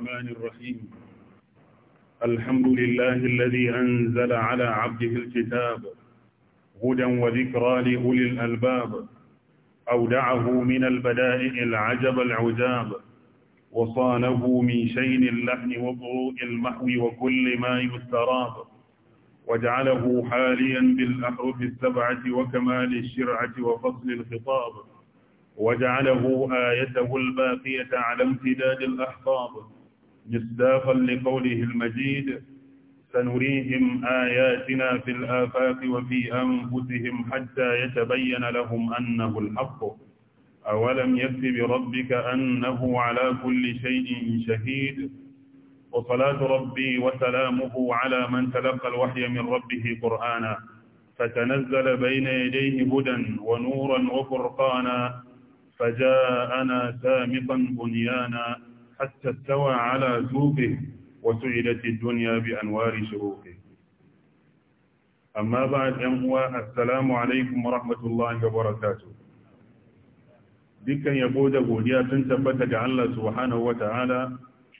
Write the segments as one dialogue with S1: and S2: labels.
S1: الرحمن الرحيم الحمد لله الذي أنزل على عبده الكتاب هدى وذكرى لأولي الألباب أودعه من البدائع العجب العجاب وصانه من شين اللحن وضوء المحو وكل ما يستراب وجعله حاليا بالأحرف السبعة وكمال الشرعة وفصل الخطاب وجعله آيته الباقية على امتداد الأحقاب مصداقا لقوله المجيد سنريهم آياتنا في الآفاق وفي أنفسهم حتى يتبين لهم أنه الحق أولم يكف بربك أنه على كل شيء شهيد وصلاة ربي وسلامه على من تلقى الوحي من ربه قرآنا فتنزل بين يديه هدى ونورا وفرقانا فجاءنا سامقا بنيانا حتى استوى على ثوبه وسعدت الدنيا بأنوار شروقه أما بعد أموى السلام عليكم ورحمة الله وبركاته dukkan yabo da godiya sun tabbata ga Allah subhanahu ta'ala,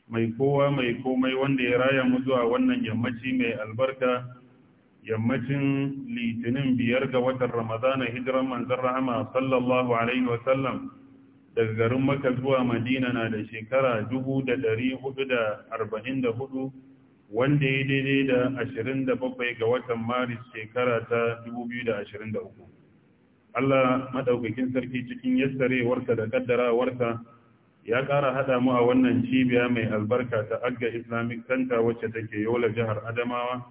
S1: mai kowa mai komai wanda ya raya mu zuwa wannan yammaci mai albarka yammacin litinin biyar ga watan ramadana hijiran manzon rahama sallallahu alaihi sallam. daga garin maka zuwa madina na da shekara 444 wanda ya daidai da 27 ga watan maris shekara ta 2023 Allah maɗaukakin sarki cikin yassarewarsa da ƙaddarawarsa ya ƙara haɗa mu a wannan cibiya mai albarka ta agga islamic center wacce take yola jihar adamawa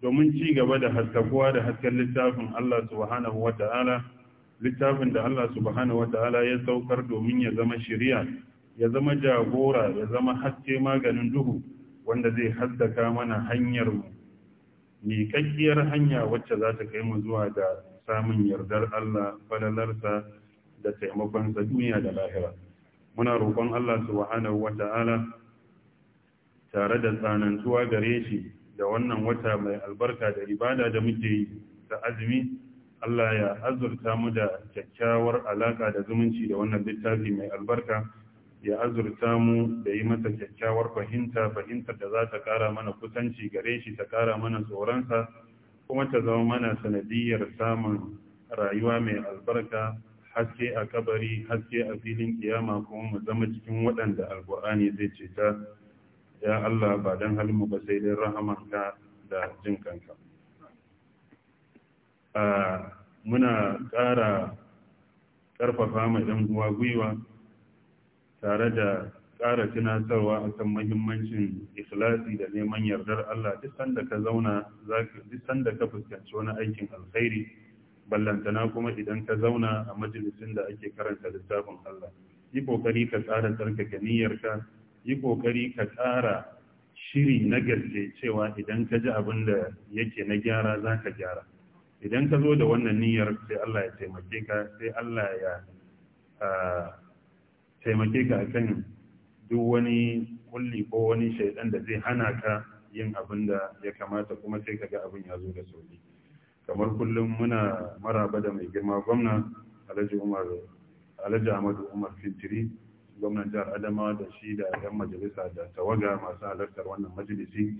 S1: domin ci gaba da haskakuwa da hasken littafin Allah subhanahu wa ta'ala littafin da Allah subhanahu wata'ala ya saukar domin ya zama shiriya ya zama jagora ya zama haske maganin duhu wanda zai haddaka mana hanyar mu miƙaƙƙiyar hanya wacce za ta kai mu zuwa da samun yardar Allah falalarsa da taimakonsa duniya da lahira muna roƙon Allah subhanahu wata'ala tare da tsanantuwa gare shi da wannan wata mai albarka da ibada da muke yi ta azumi Allah ya azurta mu da kyakkyawar alaƙa da zumunci da wannan littafi mai albarka ya azurta mu da yi masa kyakkyawar fahimta fahimtar da za ta kara mana kusanci gare shi ta kara mana tsoronsa kuma ta zama mana sanadiyar samun rayuwa mai albarka haske a kabari haske a filin kiyama kuma mu zama cikin waɗanda alkur'ani zai ce ta ya Allah ba don halin mu ba sai dai rahamanka da jin kanka muna ƙara ƙarfafa ma ɗan guwa gwiwa tare da ƙara tunatarwa a kan mahimmancin ikhlasi da neman yardar Allah duk sanda ka zauna duk sanda ka fuskanci wani aikin alkhairi ballantana kuma idan ka zauna a majalisun da ake karanta littafin Allah yi kokari ka tsara tsarkake niyyarka yi kokari ka tsara shiri na gaske cewa idan ka ji abin da yake na gyara za ka gyara idan ka zo da wannan niyyar sai Allah ya taimake ka sai Allah ya taimake ka akan duk wani kulli ko wani shaidan da zai hana ka yin abin da ya kamata kuma sai ka ga abin ya zo da sauki kamar kullum muna maraba da mai girma gwamna Alhaji Umar Alhaji Ahmadu Umar fitiri gwamnan jihar Adamawa da shi da 'yan majalisa da tawaga masu halartar wannan majalisi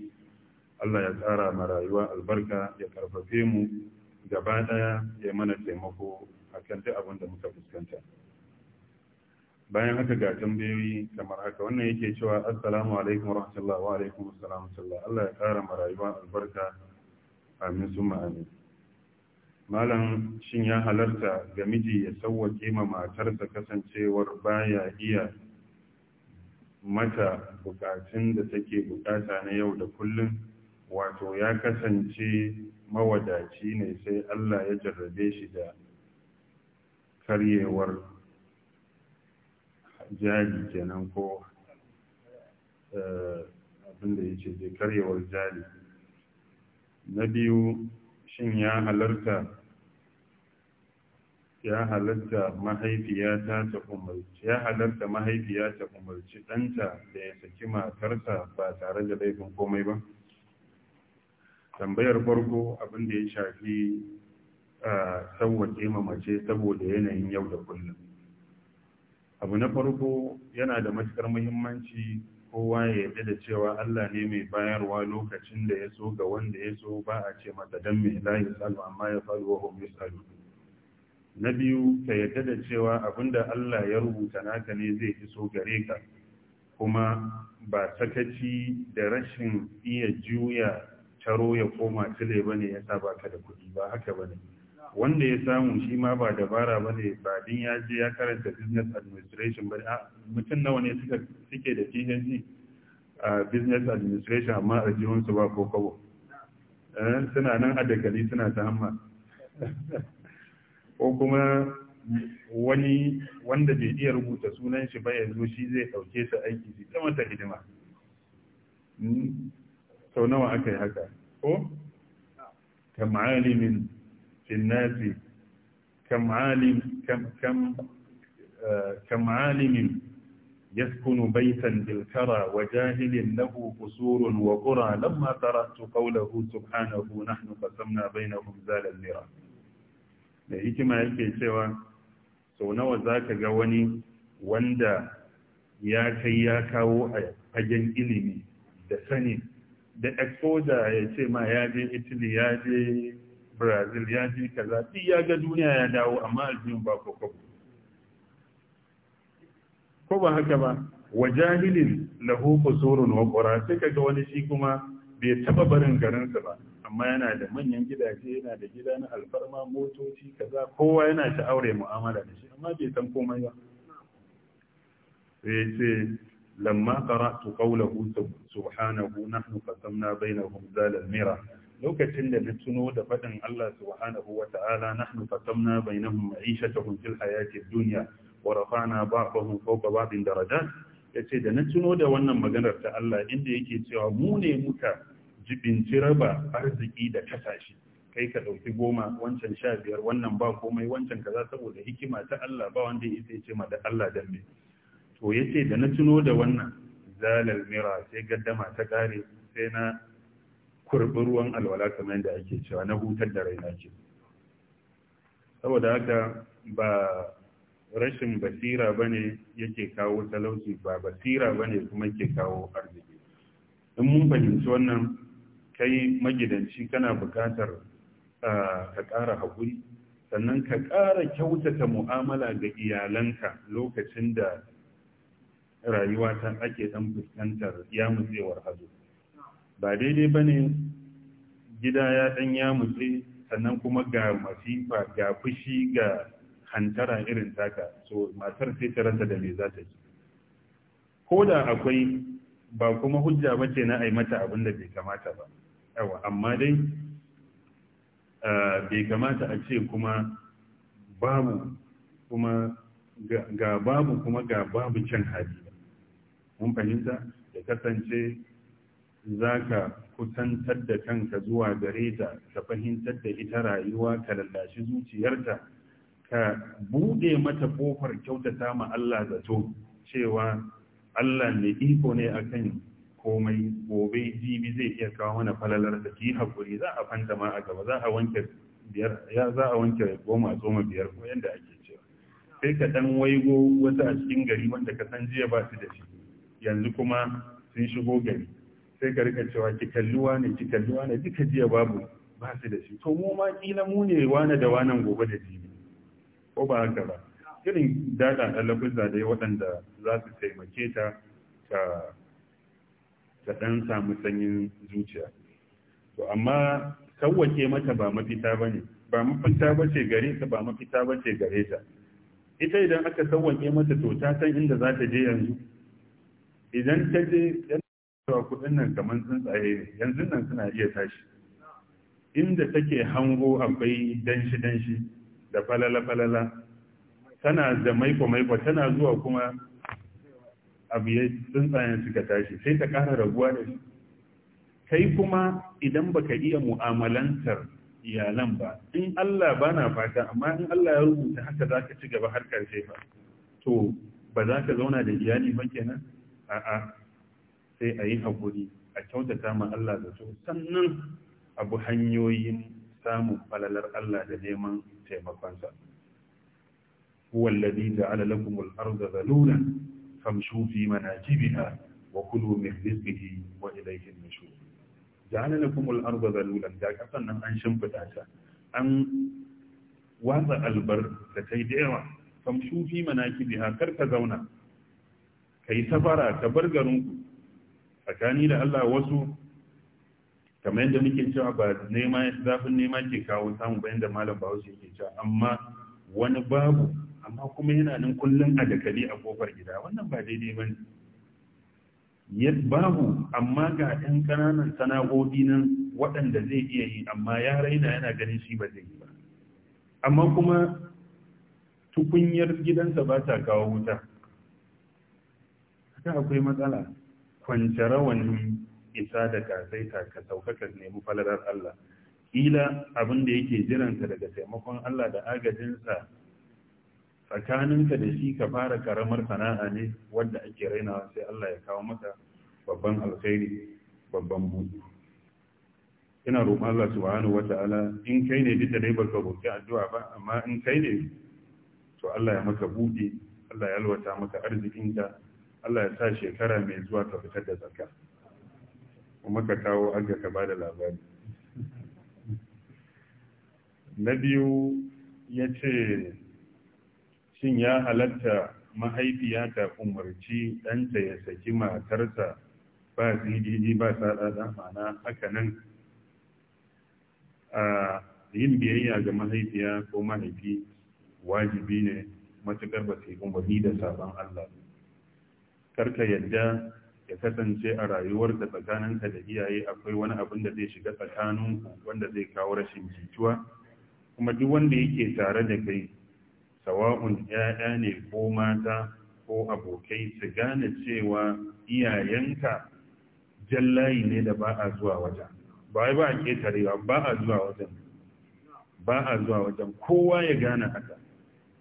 S1: Allah ya tsara ma rayuwa albarka ya karfafe mu gaba daya ya mana taimako kan duk abin da muka fuskanta bayan haka ga tambayoyi kamar haka wannan yake cewa assalamu alaikum rahmatullah wa alaikum assalam sallah Allah ya kara ma rayuwa albarka amin summa amin malam shin ya halarta ga miji ya sauwake ma matarsa kasancewar baya iya mata bukatun da take bukata na yau da kullum wato ya kasance mawadaci ne sai Allah ya jarrabe shi da karyewar jari kenan ko eh, abinda ya ce karyewar jari na biyu shin ya halarta ya halarta mahaifiyata ta umarci ya halarta mahaifiyata umarci ɗanta da ya saki matarsa ba tare da laifin komai ba tambayar farko abin da ya shafi eh, sauwaƙe mamace saboda yanayin yau da kullum abu na farko yana da matukar muhimmanci kowa ya yarda da cewa Allah ne mai bayarwa lokacin da ya so ga wanda ya so ba a ce masa don mai layi salu amma ya falu wa homi salu na biyu ka yarda da cewa da Allah ya rubuta naka ne zai iso gare ka kuma ba sakaci da rashin iya juya taro ya koma tile ba ne ya sa ka da kuɗi ba haka ba ne wanda ya samu shi ma ba dabara ba ne ba din ya je ya karanta business administration ba a mutum nawa ne suka suke da phd a business administration amma a jihunsu ba ko kawo eh, suna nan a dagali suna ta hamma ko kuma wani wanda bai iya rubuta sunan shi ba yanzu shi zai ɗauke su aiki shi ta mata hidima hmm. sau nawa aka yi haka ko? kam alimin finnasi kam eh, alimin ya sukunu baitan dilkara wa jahilin lahu kusurun wa ƙura lam matara su ƙaula hutu hana hunan nufasamna bai na hukzalar nira da hikima yake cewa sau nawa za ka ga wani wanda ya kai ya kawo a fagen ilimi da sanin da ekoda ya ce ma ya je italy ya je brazil ya je kaza duk ya ga duniya ya dawo amma aljihun ba ko ko ko ba haka ba wa jahilin lahu kusurun wa qura sai kaga wani shi kuma bai taɓa barin garinsa ba amma yana da manyan gidaje yana da gida na alfarma motoci kaza kowa yana ta aure mu'amala da shi amma bai san komai ba sai lamma qara'tu qawlahu subhanahu nahnu qasamna bainahum zal almira lokacin da na tuno da faɗin Allah subhanahu wata'ala bai qasamna bainahum ma'ishatahum fil hayati duniya. dunya wa ba ba'dahum fawqa ba'din Ya ce da na tuno da wannan maganar ta Allah inda yake cewa mu ne mu ka jibinci raba arziki da kasashe kai ka ɗauki goma wancan sha biyar wannan ba komai wancan kaza saboda hikima ta Allah ba wanda ya ce ma da Allah dan me to yace da na tuno da wannan zalal mira sai gaddama ta kare sai na kurbi ruwan alwala kamar yadda ake cewa na hutar da raina ke saboda haka ba rashin basira bane yake kawo talauci ba basira bane kuma yake kawo arziki in mun fahimci wannan kai magidanci kana bukatar ka ƙara haƙuri sannan ka ƙara kyautata mu'amala ga iyalanka lokacin da rayuwa ta ake dan fuskantar yamutsewar hazo ba daidai ba ne gida ya dan mutse sannan kuma ga masifa ga fushi ga hantara irin taka so matar sai ta ranta da me za ta yi ko da akwai ba kuma hujja ba ce na ai mata abin da bai kamata ba yawa amma dai bai kamata a ce kuma babu kuma ga babu kuma ga babu can hali ba mun fahimta ya kasance za ka kusantar da kanka zuwa gare ta ka fahimtar da ita rayuwa ka lallashi zuciyarta ka buɗe mata ƙofar kyautata ma Allah zato cewa Allah ne iko ne a kan komai gobe jibi zai iya kawo mana falalar da ki hakuri za a fanta ma a gaba za a wanke biyar ya za a wanke goma a zoma biyar ko yanda ake cewa sai ka dan waigo wata a cikin gari wanda ka san jiya ba su da shi yanzu kuma sun shigo gari sai ka rika cewa ki kalluwa ne ki kalluwa ne duka jiya babu ba su da shi to mu ma kila mu ne wani da wanan gobe da jini ko ba haka ba irin dada da lafuzza dai waɗanda za su taimake ta ta ta ɗan samu sanyin zuciya to amma sauwake mata ba mafita ba ne ba mafita ba ce gare ta ba mafita ba ce gare ta ita idan aka sauwake mata to ta san inda za ta je yanzu idan ta je yan cewa kudin nan kamar tsuntsaye yanzu nan suna iya tashi inda take hango akwai danshi danshi da falala falala tana da maiko maiko tana zuwa kuma abu ya tsuntsayen suka tashi sai ta kara raguwa da shi kai kuma idan baka iya mu'amalantar iyalan ba in Allah bana fata amma in Allah ya rubuta haka za ka ci gaba har ƙarshe ba to ba za ka zauna da iyali ba kenan a'a sai a yi haƙuri a kyautata ma Allah da su sannan abu hanyoyin samun falalar Allah da neman taimakonsa wallazi ja'ala lakum al-ardha zalulan famshu fi manakibiha wa kulu min rizqihi wa ilayhi an da ja'ala lakum al-ardha zalulan da kasan nan an shimfiɗa ta an watsa albar da kai da yawa famshu fi manakibiha kar ka zauna ka yi safara ka bar garinku tsakani da Allah wasu kamar yadda muke cewa ba nema zafin nema ke kawo samu bayan da malam bahaushe ke cewa amma wani babu amma kuma yana nan kullum a dakali a kofar gida wannan ba daidai ba ne babu amma ga ɗan ƙananan sana'o'i nan waɗanda zai iya yi amma ya raina yana ganin shi ba zai yi ba amma kuma tukunyar gidansa ba ta kawo wuta ta akwai matsala kwanci rawanin isa da kasaita ka saukaka nemi falalar Allah kila abin da yake jiranta daga taimakon Allah da agajinsa tsakaninka da shi ka fara karamar sana'a ne wadda ake rainawa sai Allah ya kawo maka babban alkhairi babban buɗi ina roƙon Allah subhanahu wata'ala in kai ne bita dai baka roƙi addu'a ba amma in kai ne to Allah ya maka buɗe Allah ya alwata maka arzikinka Allah ya sa shekara mai zuwa ka fitar da zakka kuma ka kawo aga ka ba da labari na biyu ya ce shin ya halatta mahaifiya ta umarci ɗanta ya saki matarsa ba cdd ba sadada mana haka nan a yin biyayya ga mahaifiya ko mahaifi wajibi ne matuƙar ba sai umarni da sabon allah karka yadda ya kasance a rayuwar rayuwarka tsakaninka da iyaye akwai wani abin da zai shiga tsakaninku wanda zai kawo rashin jituwa kuma duk wanda yake tare da kai sawa'un 'ya'ya ne ko mata ko abokai su gane cewa iyayenka jallayi ne da ba a zuwa wajen ba ba a ketarewa ba a zuwa wajen ba a zuwa wajen kowa ya gane haka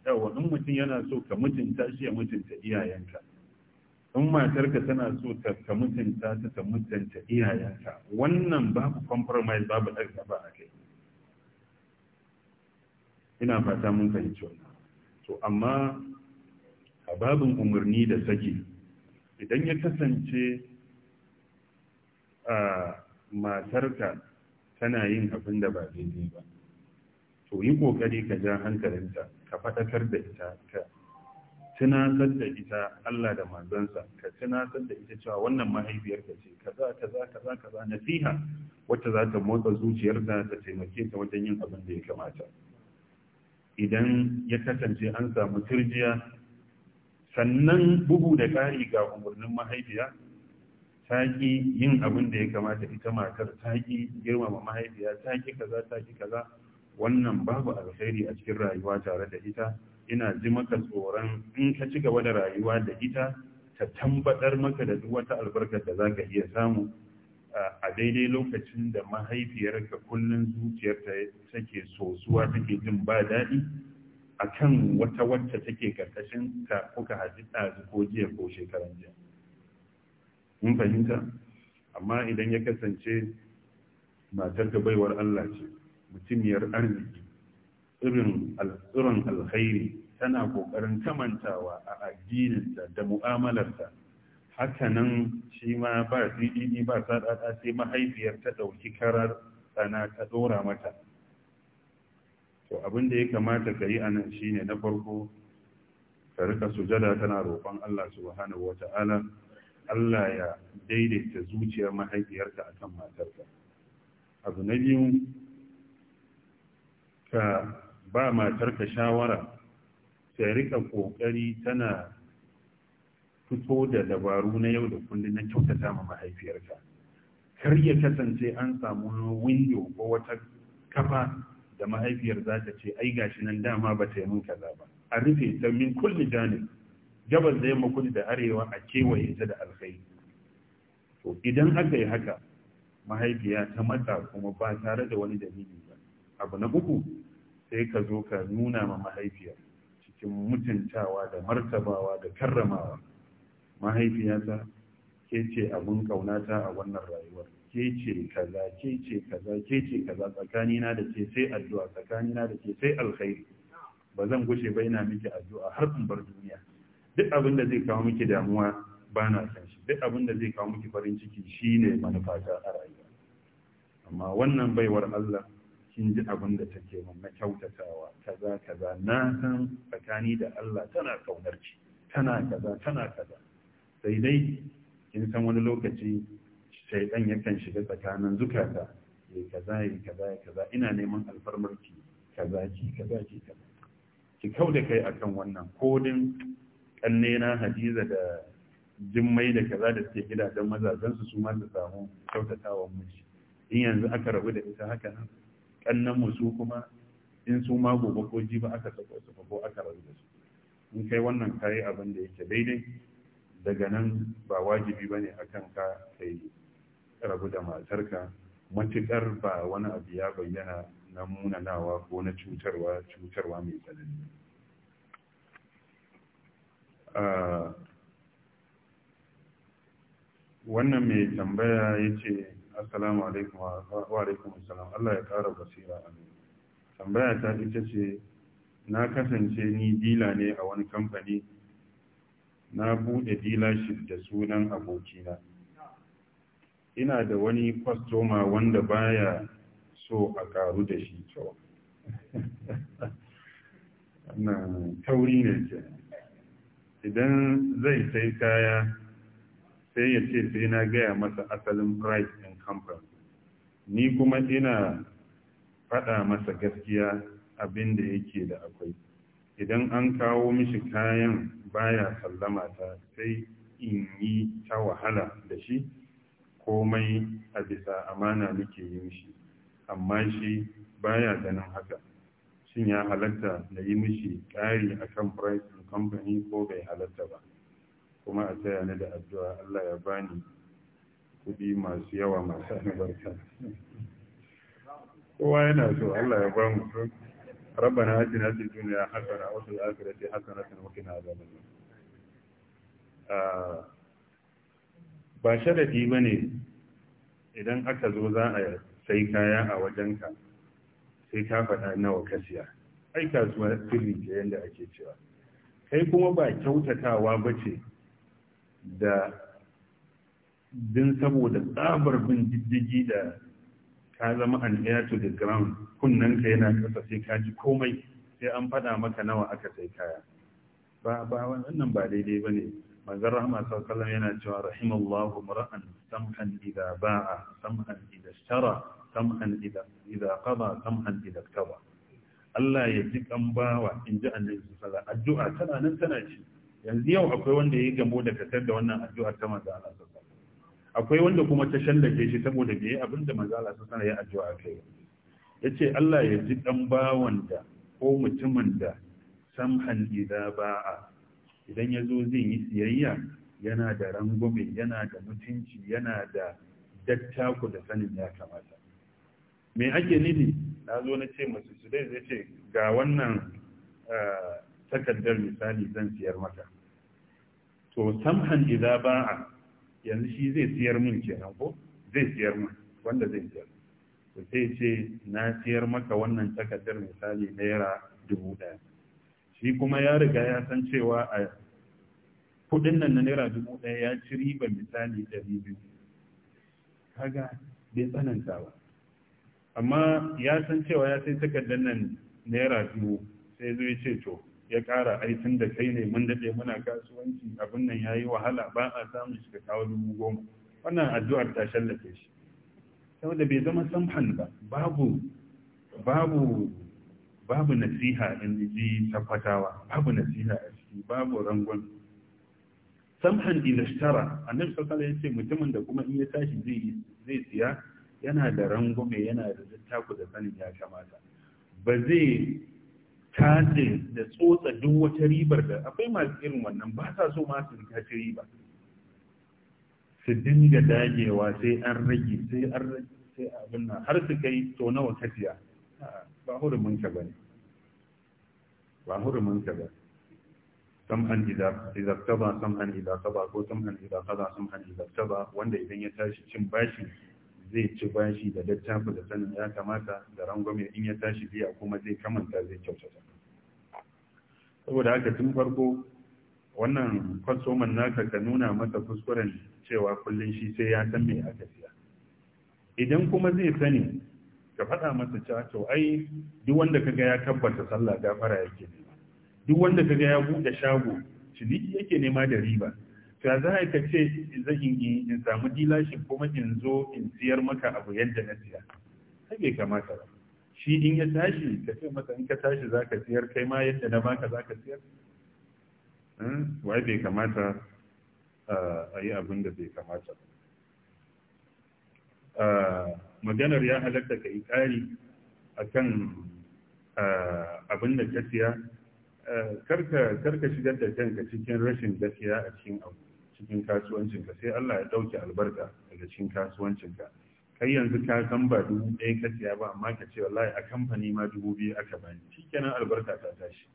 S1: yawa in mutum yana so ka mutunta shi ya mutunta iyayenka in matarka tana so ta ka mutunta ta ta mutunta iyayenta wannan babu compromise babu ɗarka ba a kai ina fata mun fahimci wannan to amma a babin umarni da saki idan ya kasance a matarka tana yin abin da ba daidai ba to yi ƙoƙari ka ja hankalinta ka faɗakar da ita ka tunatar da ita Allah da manzansa ka tunatar da ita cewa wannan mahaifiyarta ce kaza kaza kaza kaza nasiha wacce za ta motsa zuciyarta ta taimake ta wajen yin abin da ya kamata idan ya kasance an samu turjiya sannan bugu da ƙari ga umarnin mahaifiya ta ƙi yin abin da ya kamata ita matar ta ƙi girmama mahaifiya ta ƙi kaza ta kaza wannan babu alheri a cikin rayuwa tare da ita ina ji maka tsoron in ka ci gaba da rayuwa da ita ta tambadar maka da duk wata albarkar da za ka iya samu a daidai lokacin da mahaifiyarka kullun zuciyarta take sosuwa take jin ba daɗi a kan wata wacce take karkashin ka kuka haji ɗazu ko jiya ko shekaran jiya mun fahimta amma idan ya kasance matar ka baiwar Allah ce mutumiyar arziki irin alƙirin alkhairi tana ƙoƙarin kamantawa a addininsa da mu'amalarta haka nan shi ma ba cdd ba sadada sai mahaifiyar ta ɗauki karar tsana ta ɗora mata to abin da ya kamata ka yi a nan shine na farko ka rika sujada tana roƙon Allah subhanahu wa ta'ala Allah ya daidaita zuciyar mahaifiyarta a kan matarka abu na biyu ka ba matarka shawara sai rika ƙoƙari tana fito da dabaru na yau da kullum na kyautata ma mahaifiyarka kar ya kasance an samu window ko wata kafa da mahaifiyar za ta ce ai gashi nan dama ba ta yi min kaza ba a rufe ta min kulli janib gabas da yamma kudu da arewa a kewaye ta da alkai to idan aka yi haka mahaifiya ta matsa kuma ba tare da wani dalili ba abu na uku sai ka zo ka nuna ma mahaifiyar cikin mutuntawa da martabawa da karramawa mahaifiyata ke ce abin kaunata a wannan rayuwar ke ce kaza ke ce kaza ke ce kaza tsakanina da ke sai addu'a tsakanina da ke sai alkhairi ba zan gushe ba ina miki addu'a har in bar duniya duk abin da zai kawo miki damuwa ba na san shi duk abin da zai kawo miki farin ciki shine manufata a rayuwa amma wannan baiwar Allah kin ji abin da take mun na kyautatawa kaza kaza na san tsakani da Allah tana kaunar ki tana kaza tana kaza sai dai kin san wani lokaci shaidan yakan shiga tsakanin zukata yayi kaza yayi kaza kaza ina neman alfarmar ki kaza ki kaza ki kaza ki kauda kai akan wannan kodin kanne na Hadiza da jimmai da kaza da suke gidajen mazajen su su ma su samu kyautatawa miji in yanzu aka rabu da ita haka nan kannan mu su kuma in su ma gobe ko jiba aka sako su ko aka rabu da su in kai wannan kayi abin da yake daidai daga nan ba wajibi ba bane akan ka kai rabu da matarka matuƙar ba wani abu ya bayyana na munanawa ko na cutarwa cutarwa mai tsanani ah, wannan mai tambaya ya ce assalamu alaikum wa alaikum assalam Allah ya kara basira amin tambaya ta ita ce na kasance ni dila ne a wani kamfani na bude dealership da sunan abokina ina da wani kwastoma wanda baya so a karu da shi kyau tauri ne ce. idan zai sai kaya sai ya ce sai na gaya masa asalin price ni kuma ina faɗa masa gaskiya abin da yake da akwai idan an kawo mishi kayan baya sallama ta sai in yi ta wahala da shi komai a bisa amana nake yi mishi amma shi baya ganin haka shin ya halatta da yi mishi ƙari akan price company ko bai halatta ba kuma a taya ni da addu'a Allah ya bani kuɗi masu yawa masu albarka kowa yana so Allah ya ba mu su
S2: rabbana atina fid dunya
S1: hasana wa fil akhirati hasanatan wa qina adhaban ah, ba sharadi bane idan aka zo za a sai kaya a wajenka sai ka faɗa nawa ka siya ai kasuwa sirri ce yadda ake cewa kai kuma ba kyautatawa ba ce da din saboda tsabar bin diddigi da ka zama an air to the ground kunnen ka yana ƙasa sai ka ji komai sai an faɗa maka nawa aka sai kaya ba ba wannan ba daidai bane manzon rahama sallallahu alaihi yana cewa rahimallahu mar'an samhan idza ba'a samhan idza ishtara samhan idza idza qada samhan idza qada Allah ya ji kan bawa in ji annabi sallallahu alaihi addu'a tana nan tana ci yanzu yau akwai wanda ya gambo da katar da wannan addu'a ta manzon Allah sallallahu akwai wanda kuma ta shallake shi saboda bai abin da manzo Allah sallallahu alaihi wasallam ya kai yace Allah ya ji dan bawan da ko mutumin da samhan idza ba'a idan yazo zai yi siyayya yana da rangwame yana da mutunci yana da dattako da sanin ya kamata me ake nini na zo na ce masu su dai zai ce ga wannan takardar misali zan siyar maka to samhan idza ba'a yanzu shi zai siyar min kenan ko zai siyar min wanda zai siyar to sai ce na siyar maka wannan takardar misali naira dubu ɗaya shi kuma ya riga ya san cewa a kudin nan na naira dubu ɗaya ya ci riba misali ɗari biyu kaga bai tsananta ba amma ya san cewa ya sai takardar nan naira dubu sai zai ce to ya ƙara tun da kai ne mun daɗe muna kasuwanci abin nan ya yi wahala ba a samun shi ka kawo dubu goma wannan addu'ar ta shallake shi saboda bai zama samhan ba babu babu babu nasiha in ji tabbatawa babu nasiha a ciki babu rangon samhan idashtara annabi sallallahu alaihi wasallam mutumin da kuma in ya tashi zai zai siya yana da rangume yana da littafi da sanin ya kamata ba zai tace da tsotsa duk wata ribar da akwai masu irin wannan ba sa so masu tace riba su dinga dagewa sai an rage sai an rage sai abin nan har su kai to nawa kafiya ba hurumin ka bane ba hurumin ka ba samhan idza idza qada samhan idza qada ko samhan idza qada samhan idza qada wanda idan ya tashi cin bashi zai ci bashi da littafi da sanin ya kamata da rangwame in ya tashi biya kuma zai kamanta zai kyautata saboda haka tun farko wannan kwasoman naka ka nuna masa kuskuren cewa kullum shi sai ya san me aka siya idan kuma zai sani ka faɗa masa cewa to ai duk wanda kaga ya tabbata sallah gafara yake nema duk wanda kaga ya buɗe shago ciniki yake nema da riba ta za ka ce zan in samu dilashi kuma in zo in siyar maka abu yadda na siya sai bai kamata ba shi in ya tashi ka ce masa in ka tashi za ka siyar kai ma yadda na baka za ka siyar hmm, wai bai kamata eh, a yi abin da bai kamata eh, maganar ya halatta ka yi ƙari a kan eh, abin da ka siya karka shigar da kanka cikin rashin gaskiya a cikin abu cikin kasuwancinka sai Allah ya ɗauke albarka daga cikin kasuwancinka kai yanzu ka san ba dubu ɗaya ka siya ba amma ka ce wallahi a kamfani ma dubu biyu aka bani shikenan albarka ta tashi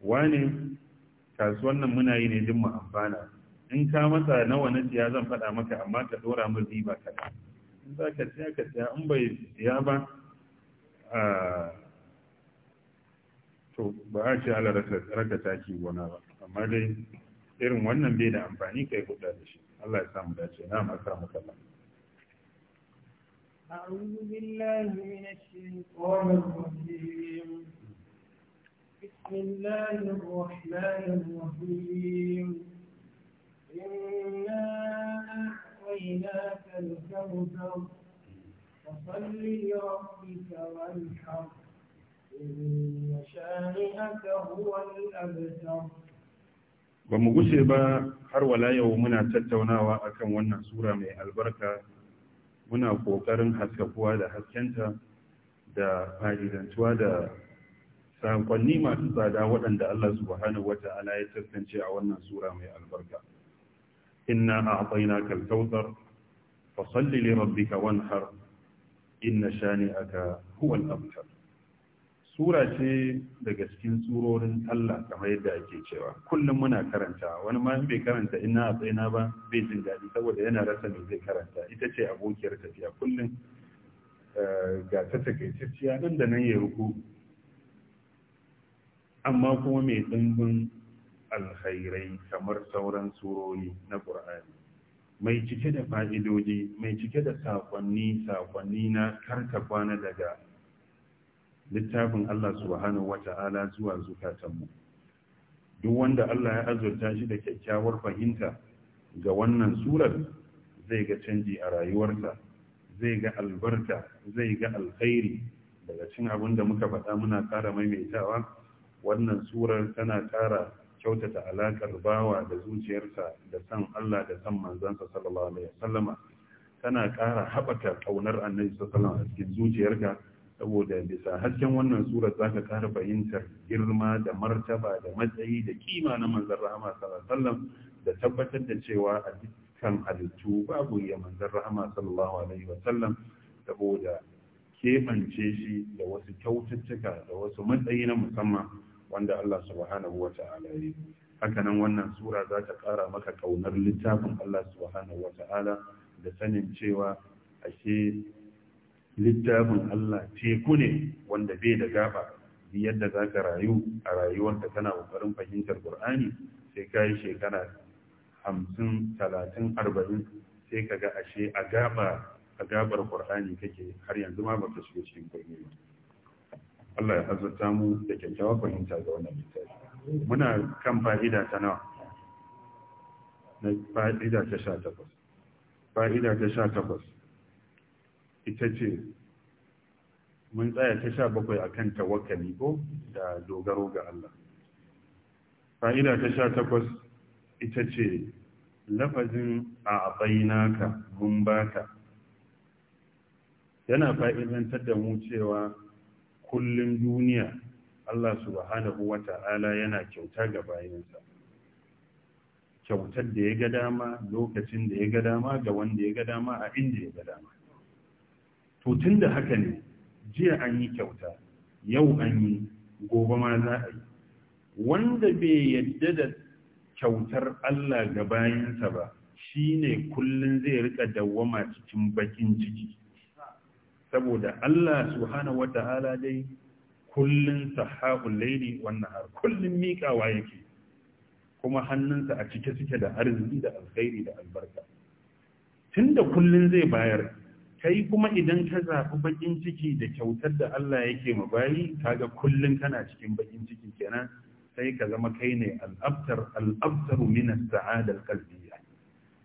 S1: wane kasuwan nan muna yi ne din mu amfana in ka masa nawa na siya zan faɗa maka amma ka ɗora min riba kaɗan in za ka siya ka siya in bai siya ba to ba a ce ala raka taki gona ba amma dai irin wannan bai da amfani kai hudu da shi Allah ya samu dace na ma samu kallon أعوذ بالله من الشيطان الرجيم بسم الله الرحمن الرحيم إنا أعطيناك الكوثر فصل لربك وانحر إن شانئك هو الأبتر ba mu gushe ba har wala yau muna tattaunawa akan wannan sura mai albarka muna ƙoƙarin haskakuwa da haskenta da fa'idantuwa da sakonni masu tsada waɗanda Allah subhanahu wa ta'ala ya taskance a wannan sura mai albarka inna a'tainaka al-kautsar fasalli li rabbika wanhar inna shani'aka huwa abtar sura ce daga cikin surorin Allah kamar yadda ake cewa kullum muna karanta wani ma bai karanta ina a tsaina ba bai jin daɗi saboda yana rasa mai zai karanta ita ce abokiyar tafiya kullum eh, ga ta takaitacciya nan da nan ya ruku amma kuma mai ɗimbin alkhairai kamar sauran surori na ƙur'ani mai cike da fa'idoji mai cike da sakonni sakonni na ta kwana daga littafin Allah subhanahu wata'ala zuwa zukatanmu duk wanda Allah ya azurta shi da kyakkyawar fahimta ga wannan surar zai ga canji a rayuwarsa zai ga albarka zai ga alkhairi daga cin abin da muka faɗa muna ƙara maimaitawa wannan surar tana ƙara kyautata alaƙar bawa da zuciyarsa da san Allah da san manzansa sallallahu alaihi wasallama tana ƙara haɓaka ƙaunar annabi sallallahu alaihi wasallam a cikin zuciyarka saboda bisa hasken wannan surar zaka kara fahimtar girma da martaba da matsayi da kima na manzon rahama sallallahu alaihi wasallam da tabbatar da cewa a dukkan halittu babu ya manzon rahama sallallahu alaihi wasallam saboda keɓance shi da wasu kyaututtuka da wasu matsayi na musamman wanda Allah subhanahu wa ta'ala ya hakanan wannan sura za ta ƙara maka ƙaunar littafin Allah subhanahu wa ta'ala da sanin cewa ashe littafin Allah teku ne wanda bai da gaba yadda za ka rayu a da kana ƙoƙarin fahimtar Qur'ani sai ka yi shekara hamsin talatin arba'in sai ka ga ashe a gaba a gabar Qur'ani kake har yanzu ma baka shiga cikin kurmi ba Allah ya azurta mu da kyakkyawar fahimta ga wannan littafi muna kan fa'ida ta nawa na fa'ida ta takwas? fa'ida ta takwas. ita ce mun tsaya ta sha bakwai a kan tawakali ko da dogaro ga Allah fa'ida ta sha takwas ita ce lafazin a naka mun baka yana fa'idantar da mu cewa kullum duniya Allah subhanahu wa ta'ala yana kyauta ga bayansa kyautar da ya ga dama lokacin da ya ga dama ga wanda ya ga dama a inda ya ga dama to tun da haka ne jiya an yi kyauta yau an yi gobe ma za a yi wanda bai yadda da kyautar Allah ga bayansa ba shine kullum zai rika dawwama cikin bakin ciki saboda Allah subhanahu wata'ala dai kullum sahabul laili wannan har kullum miƙawa yake kuma hannunsa a cike suke da arziki da alkhairi da albarka tunda kullum zai bayar kai kuma idan ka zafi bakin ciki da kyautar da Allah yake ma bayi kaga kullum kana cikin bakin ciki kenan sai ka zama kai ne al'abtar Al'abtar min Sa'adar saada qalbiyya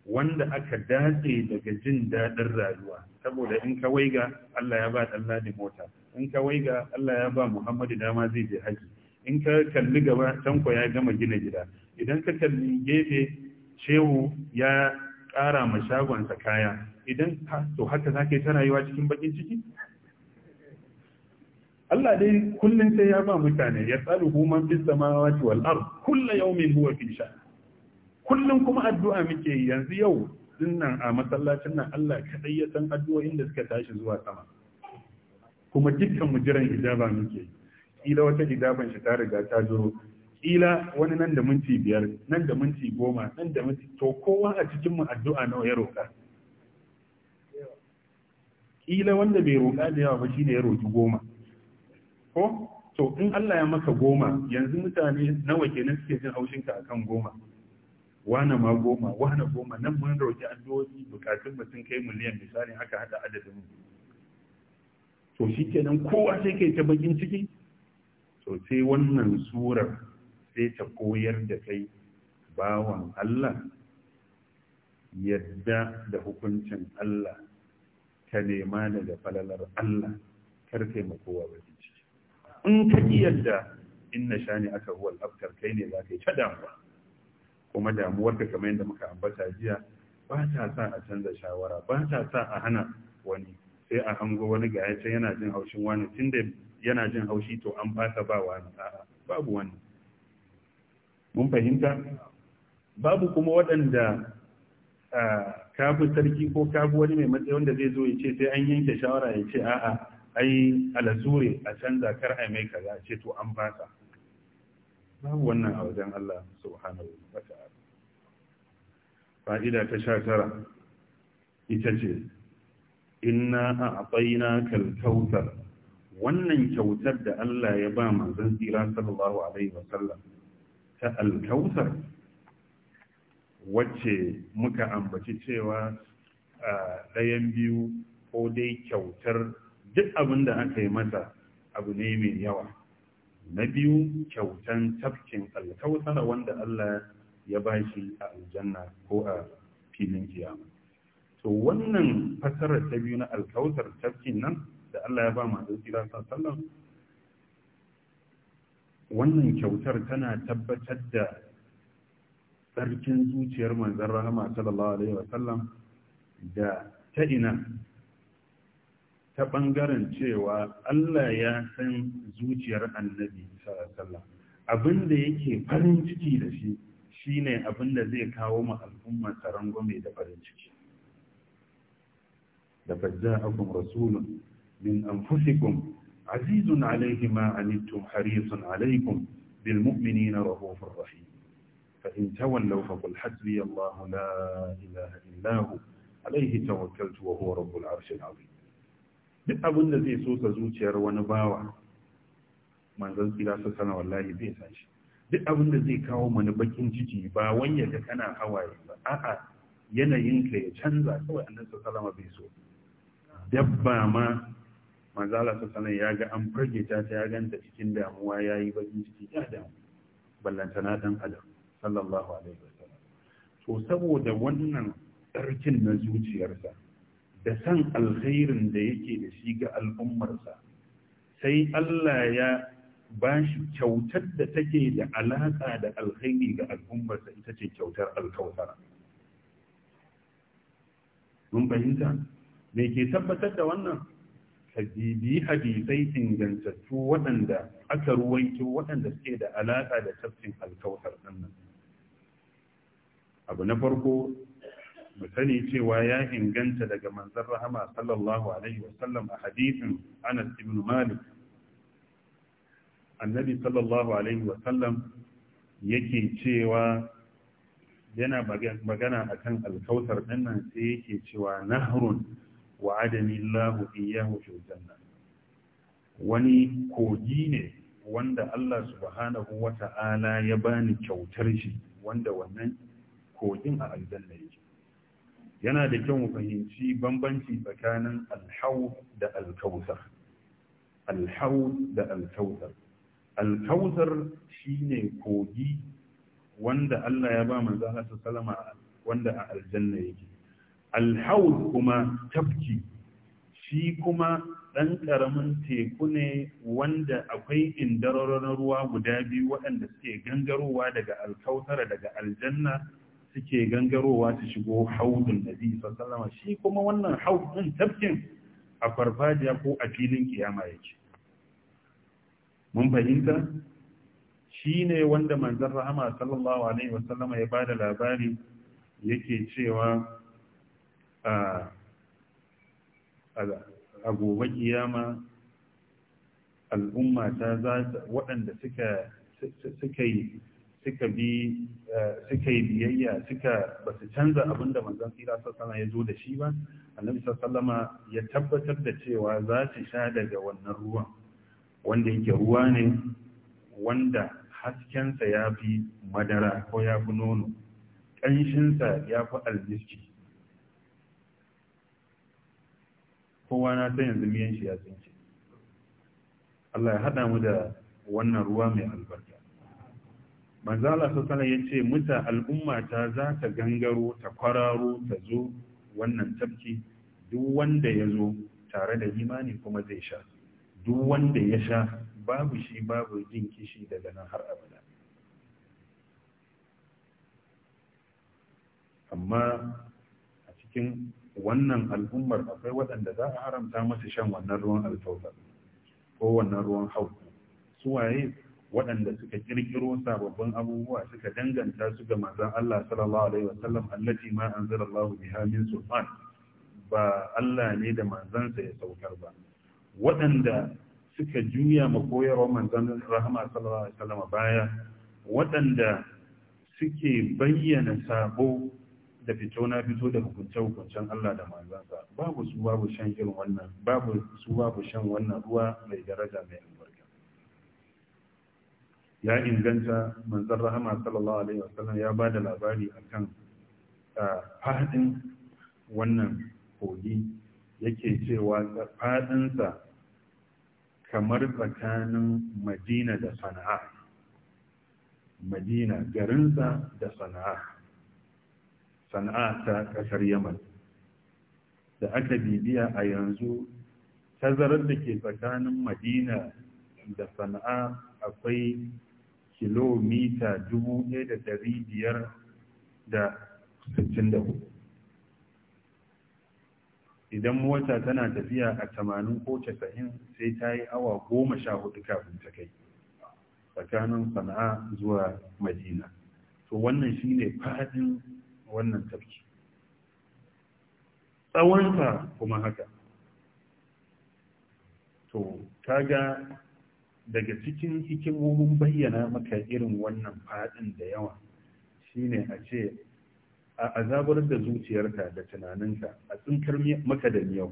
S1: wanda aka dace daga jin dadin rayuwa saboda in ka waiga Allah ya ba dan ladi mota in ka waiga Allah ya ba Muhammadu dama zai je haji in ka kalli gaba tanko ya gama gina gida idan ka kalli gefe shehu ya ƙara ma shagonsa kaya idan to haka za ka yi ta rayuwa cikin bakin ciki Allah dai kullum sai ya ba mutane ya tsalu human bis samawati wal ard kullu yawmin huwa fi sha kullum kuma addu'a muke yanzu yau dinnan a masallacin nan Allah kaɗai ya san addu'o'in da suka tashi zuwa sama kuma dukkan mu jiran hijaba muke kila wata hijaban shi ta riga ta zo Ƙila wani nan da minti biyar nan da minti goma nan da minti to kowa a mu addu'a nawa ya roƙa Ƙila wanda bai roƙa da yawa ba shine ya roƙi goma ko to in Allah ya maka goma yanzu mutane nawa kenan suke jin ka akan goma wana ma goma wana goma nan mun roƙi addu'o'i bukatun mutum kai miliyan misali aka hada adadin mu. to shi kenan kowa sai kai ta bakin ciki to sai wannan surar sai ta koyar da kai bawan Allah yadda da hukuncin Allah ta nema da falalar Allah kar kai ma kowa ciki in ka yi yadda in na sha ne aka huwal aftar kai ne za ka yi ta damuwa kuma damuwar ka kamar yadda muka ambata jiya ba ta sa a canza shawara ba ta sa a hana wani sai a hango wani ga yace yana jin haushin wani tunda yana jin haushi to an fasa ba wani a'a babu wani mun fahimta babu kuma waɗanda kabu sarki ko kabu wani mai matsayi wanda zai zo ya ce sai an yanke shawara ya ce a'a ai alasure a canza kar a mai kaza ce to an fasa babu wannan a wajen Allah subhanahu wa ta'ala fa'ida ta sha tara ita ce inna a'tayna kal kautar wannan kyautar da Allah ya ba manzon tsira sallallahu alaihi wasallam ta alkausar wacce muka ambaci cewa a ɗayan biyu ko dai kyautar duk abin da aka yi masa abu ne mai yawa na biyu kyautan tafkin alkausar wanda Allah ya bashi a aljanna ko a filin kiyama to wannan fasarar ta biyu na alkausar tafkin nan da Allah ya ba masu kira sallallahu wannan kyautar tana tabbatar da tsarkin zuciyar manzan rahama sallallahu alaihi wasallam da ta ina ta ɓangaren cewa Allah ya san zuciyar annabi sallallahu abin da yake farin ciki da shi shine abin da zai kawo ma al'umma sarangwame da farin ciki da fajja'akum rasulun min anfusikum azizun alaihi ma anittum harisun alaikum bil mu'minina rahufur rahim fa in tawallaw fa qul hasbi Allah la ilaha illa hu alaihi tawakkaltu wa huwa rabbul arshil duk abin zai sosa zuciyar wani bawa manzon tsira su sana bai san shi duk abin da zai kawo mana bakin ciki ba wanya da kana hawaye ba a'a yanayinka ya canza kawai annabi sallama bai so dabba ma Manzala ta sanar ya ga an farge ta ya ganta cikin damuwa ya yayi bakin ciki ya damu ballantana dan adam sallallahu alaihi wasallam to saboda wannan tsarkin na zuciyarsa da san alkhairin da yake da shi ga al'ummarsa sai Allah ya ba shi kyautar da take da alaƙa da alkhairi ga al'ummarsa ita ce kyautar alkawtara mun fahimta me ke tabbatar da wannan ka hadisai ingantattu waɗanda aka ruwaito waɗanda suke da alaƙa da tafsin alkawtar sannan abu na farko mu sani cewa ya inganta daga manzan rahama sallallahu alaihi wasallam a hadisin anas ibn malik annabi sallallahu alaihi wasallam yake cewa yana magana akan alkautar ɗinnan sai yake cewa nahrun wa'adani Allahu iyyahu fil janna wani kogi ne wanda Allah subhanahu wata'ala ya bani kyautar shi wanda wannan kogin a aljanna yake yana da kyau mu fahimci bambanci tsakanin alhaw da alkausar. alhaw da Alkausar alkautar shine kogi wanda Allah ya ba manzo Allah sallama wanda a aljanna yake alhaud kuma tafki shi kuma ɗan ƙaramin teku ne wanda akwai indararon ruwa guda biyu waɗanda suke gangarowa daga alkautara daga aljanna suke gangarowa su shigo haudun nabi sallama shi kuma wannan haudun tafkin a farfajiya ko a filin kiyama yake mun fahimta shi ne wanda manzan rahama sallallahu alaihi wasallama ya ba da labari yake cewa a gobe kiyama al'umma ta za waɗanda suka yi eh, suka yi biyayya suka ba su canza abin da manzan tsira sassana ya zo da shi ba annabi sassalama ya tabbatar da cewa za su sha daga wannan ruwan wanda yake ruwa ne wanda haskensa ya fi madara ko ya fi nono ƙanshinsa ya fi almiski kowa na ta yanzu miyan shi ya tsinci Allah ya hada mu da wannan ruwa mai albarka manzo Allah sallallahu alaihi yace muta al'umma ta za ta gangaro ta kwararo ta zo wannan tafki duk wanda ya zo tare da imani kuma zai sha duk wanda ya sha babu shi babu jin kishi daga nan har abada amma a cikin wannan al'ummar akwai waɗanda za a haramta masu shan wannan ruwan alkautar ko wannan ruwan hauku su waye waɗanda suka kirkiro sababbin abubuwa suka danganta su ga mazan Allah sallallahu alaihi wasallam allati ma anzalallahu biha min sultan ba Allah ne da manzansa ya saukar ba waɗanda suka juya ma koyarwa manzan rahama sallallahu alaihi wasallam baya waɗanda suke bayyana sabo da fito na fito da hukunce-hukuncen Allah da manzansa babu su babu shan irin wannan babu su babu shan wannan ruwa mai daraja mai albarka ya inganta manzon rahama sallallahu alaihi wasallam ya bada labari akan fadin wannan kogi yake cewa fadinsa kamar tsakanin Madina da Sana'a Madina garinsa da Sana'a sana'a ta kasar yaman da aka bibiya a yanzu tazarar da ke tsakanin madina da sana'a akwai kilomita dubu da idan mota tana tafiya a tamanin ko casa'in sai ta yi awa goma sha hudu kafin ta kai tsakanin sana'a zuwa madina to wannan shine fadin wannan tafki tsawonsa kuma haka to kaga daga cikin hikimomin bayyana maka irin wannan fadin da yawa shine a ce a azabar da zuciyarka da tunaninka a tsinkar maka da yau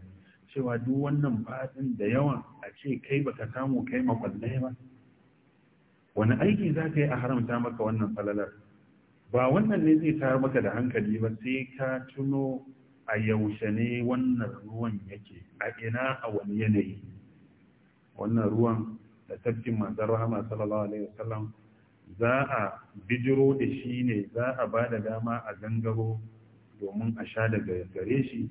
S1: cewa duk wannan fadin da yawa a ce kai baka samu kai makwallai ba wani aiki za ka yi a haramta maka wannan falalar ba wannan ne zai tayar maka da hankali ba sai ka tuno a yaushe ne wannan ruwan yake a ina a wani yanayi wannan ruwan da tafkin manzan rahama sallallahu alaihi wasallam za a bijiro da shi ne za a ba da dama a gangaro domin a sha daga gare shi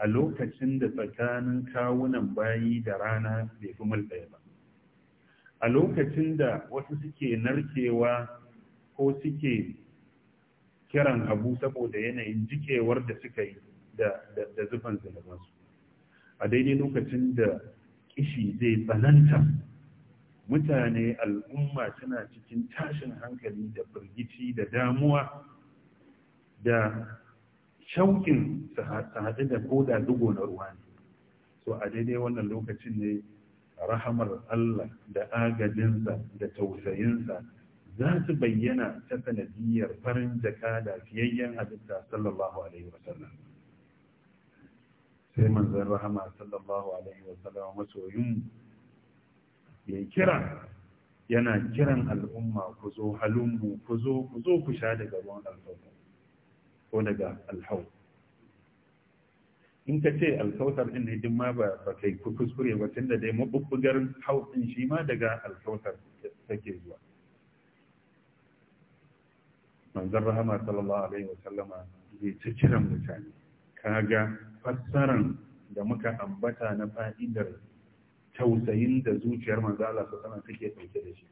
S1: a lokacin da tsakanin kawunan bayi da rana bai fi mul ba a lokacin da wasu suke narkewa ko suke kiran Abu saboda yanayin jikewar da suka yi da zufan su, a daidai lokacin da kishi zai tsananta mutane al'umma suna cikin tashin hankali da firgici da damuwa da shauƙin su da koda dugo na ruwa ne so a daidai wannan lokacin ne rahamar Allah da agajinsa da tausayinsa za su bayyana ta sanadiyar farin jaka da fiyayyen halitta sallallahu alaihi wasallam sai manzan rahama sallallahu alaihi wasallam masoyin ya kira yana kiran al'umma ku zo halummu ku zo ku zo ku sha daga ruwan alfawar ko daga alhau in ka ce alkautar ɗin ne din ma ba kai kuskure ba tun da dai mabubbugar hau ɗin shi ma daga alkautar take zuwa manzan rahama sallallahu alaihi wasallama zai ci kiran mutane kaga fassaran da muka ambata na fa'idar tausayin da zuciyar manzo Allah sallallahu alaihi take dauke da shi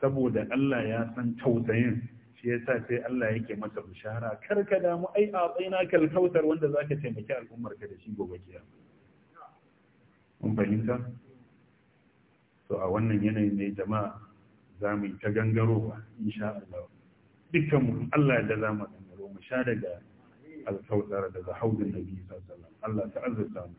S1: saboda Allah ya san tausayin shi yasa sai Allah yake masa bishara kar ka damu ai a tsaina kal kautar wanda zaka taimaki al'ummar ka da shi gobe kiyama mun fahimta to a wannan yanayin ne jama'a za mu yi ta gangarowa insha Allah dukkanmu Allah da za mu mu sha daga alkautar daga haudun nabi sallallahu Allah ta mu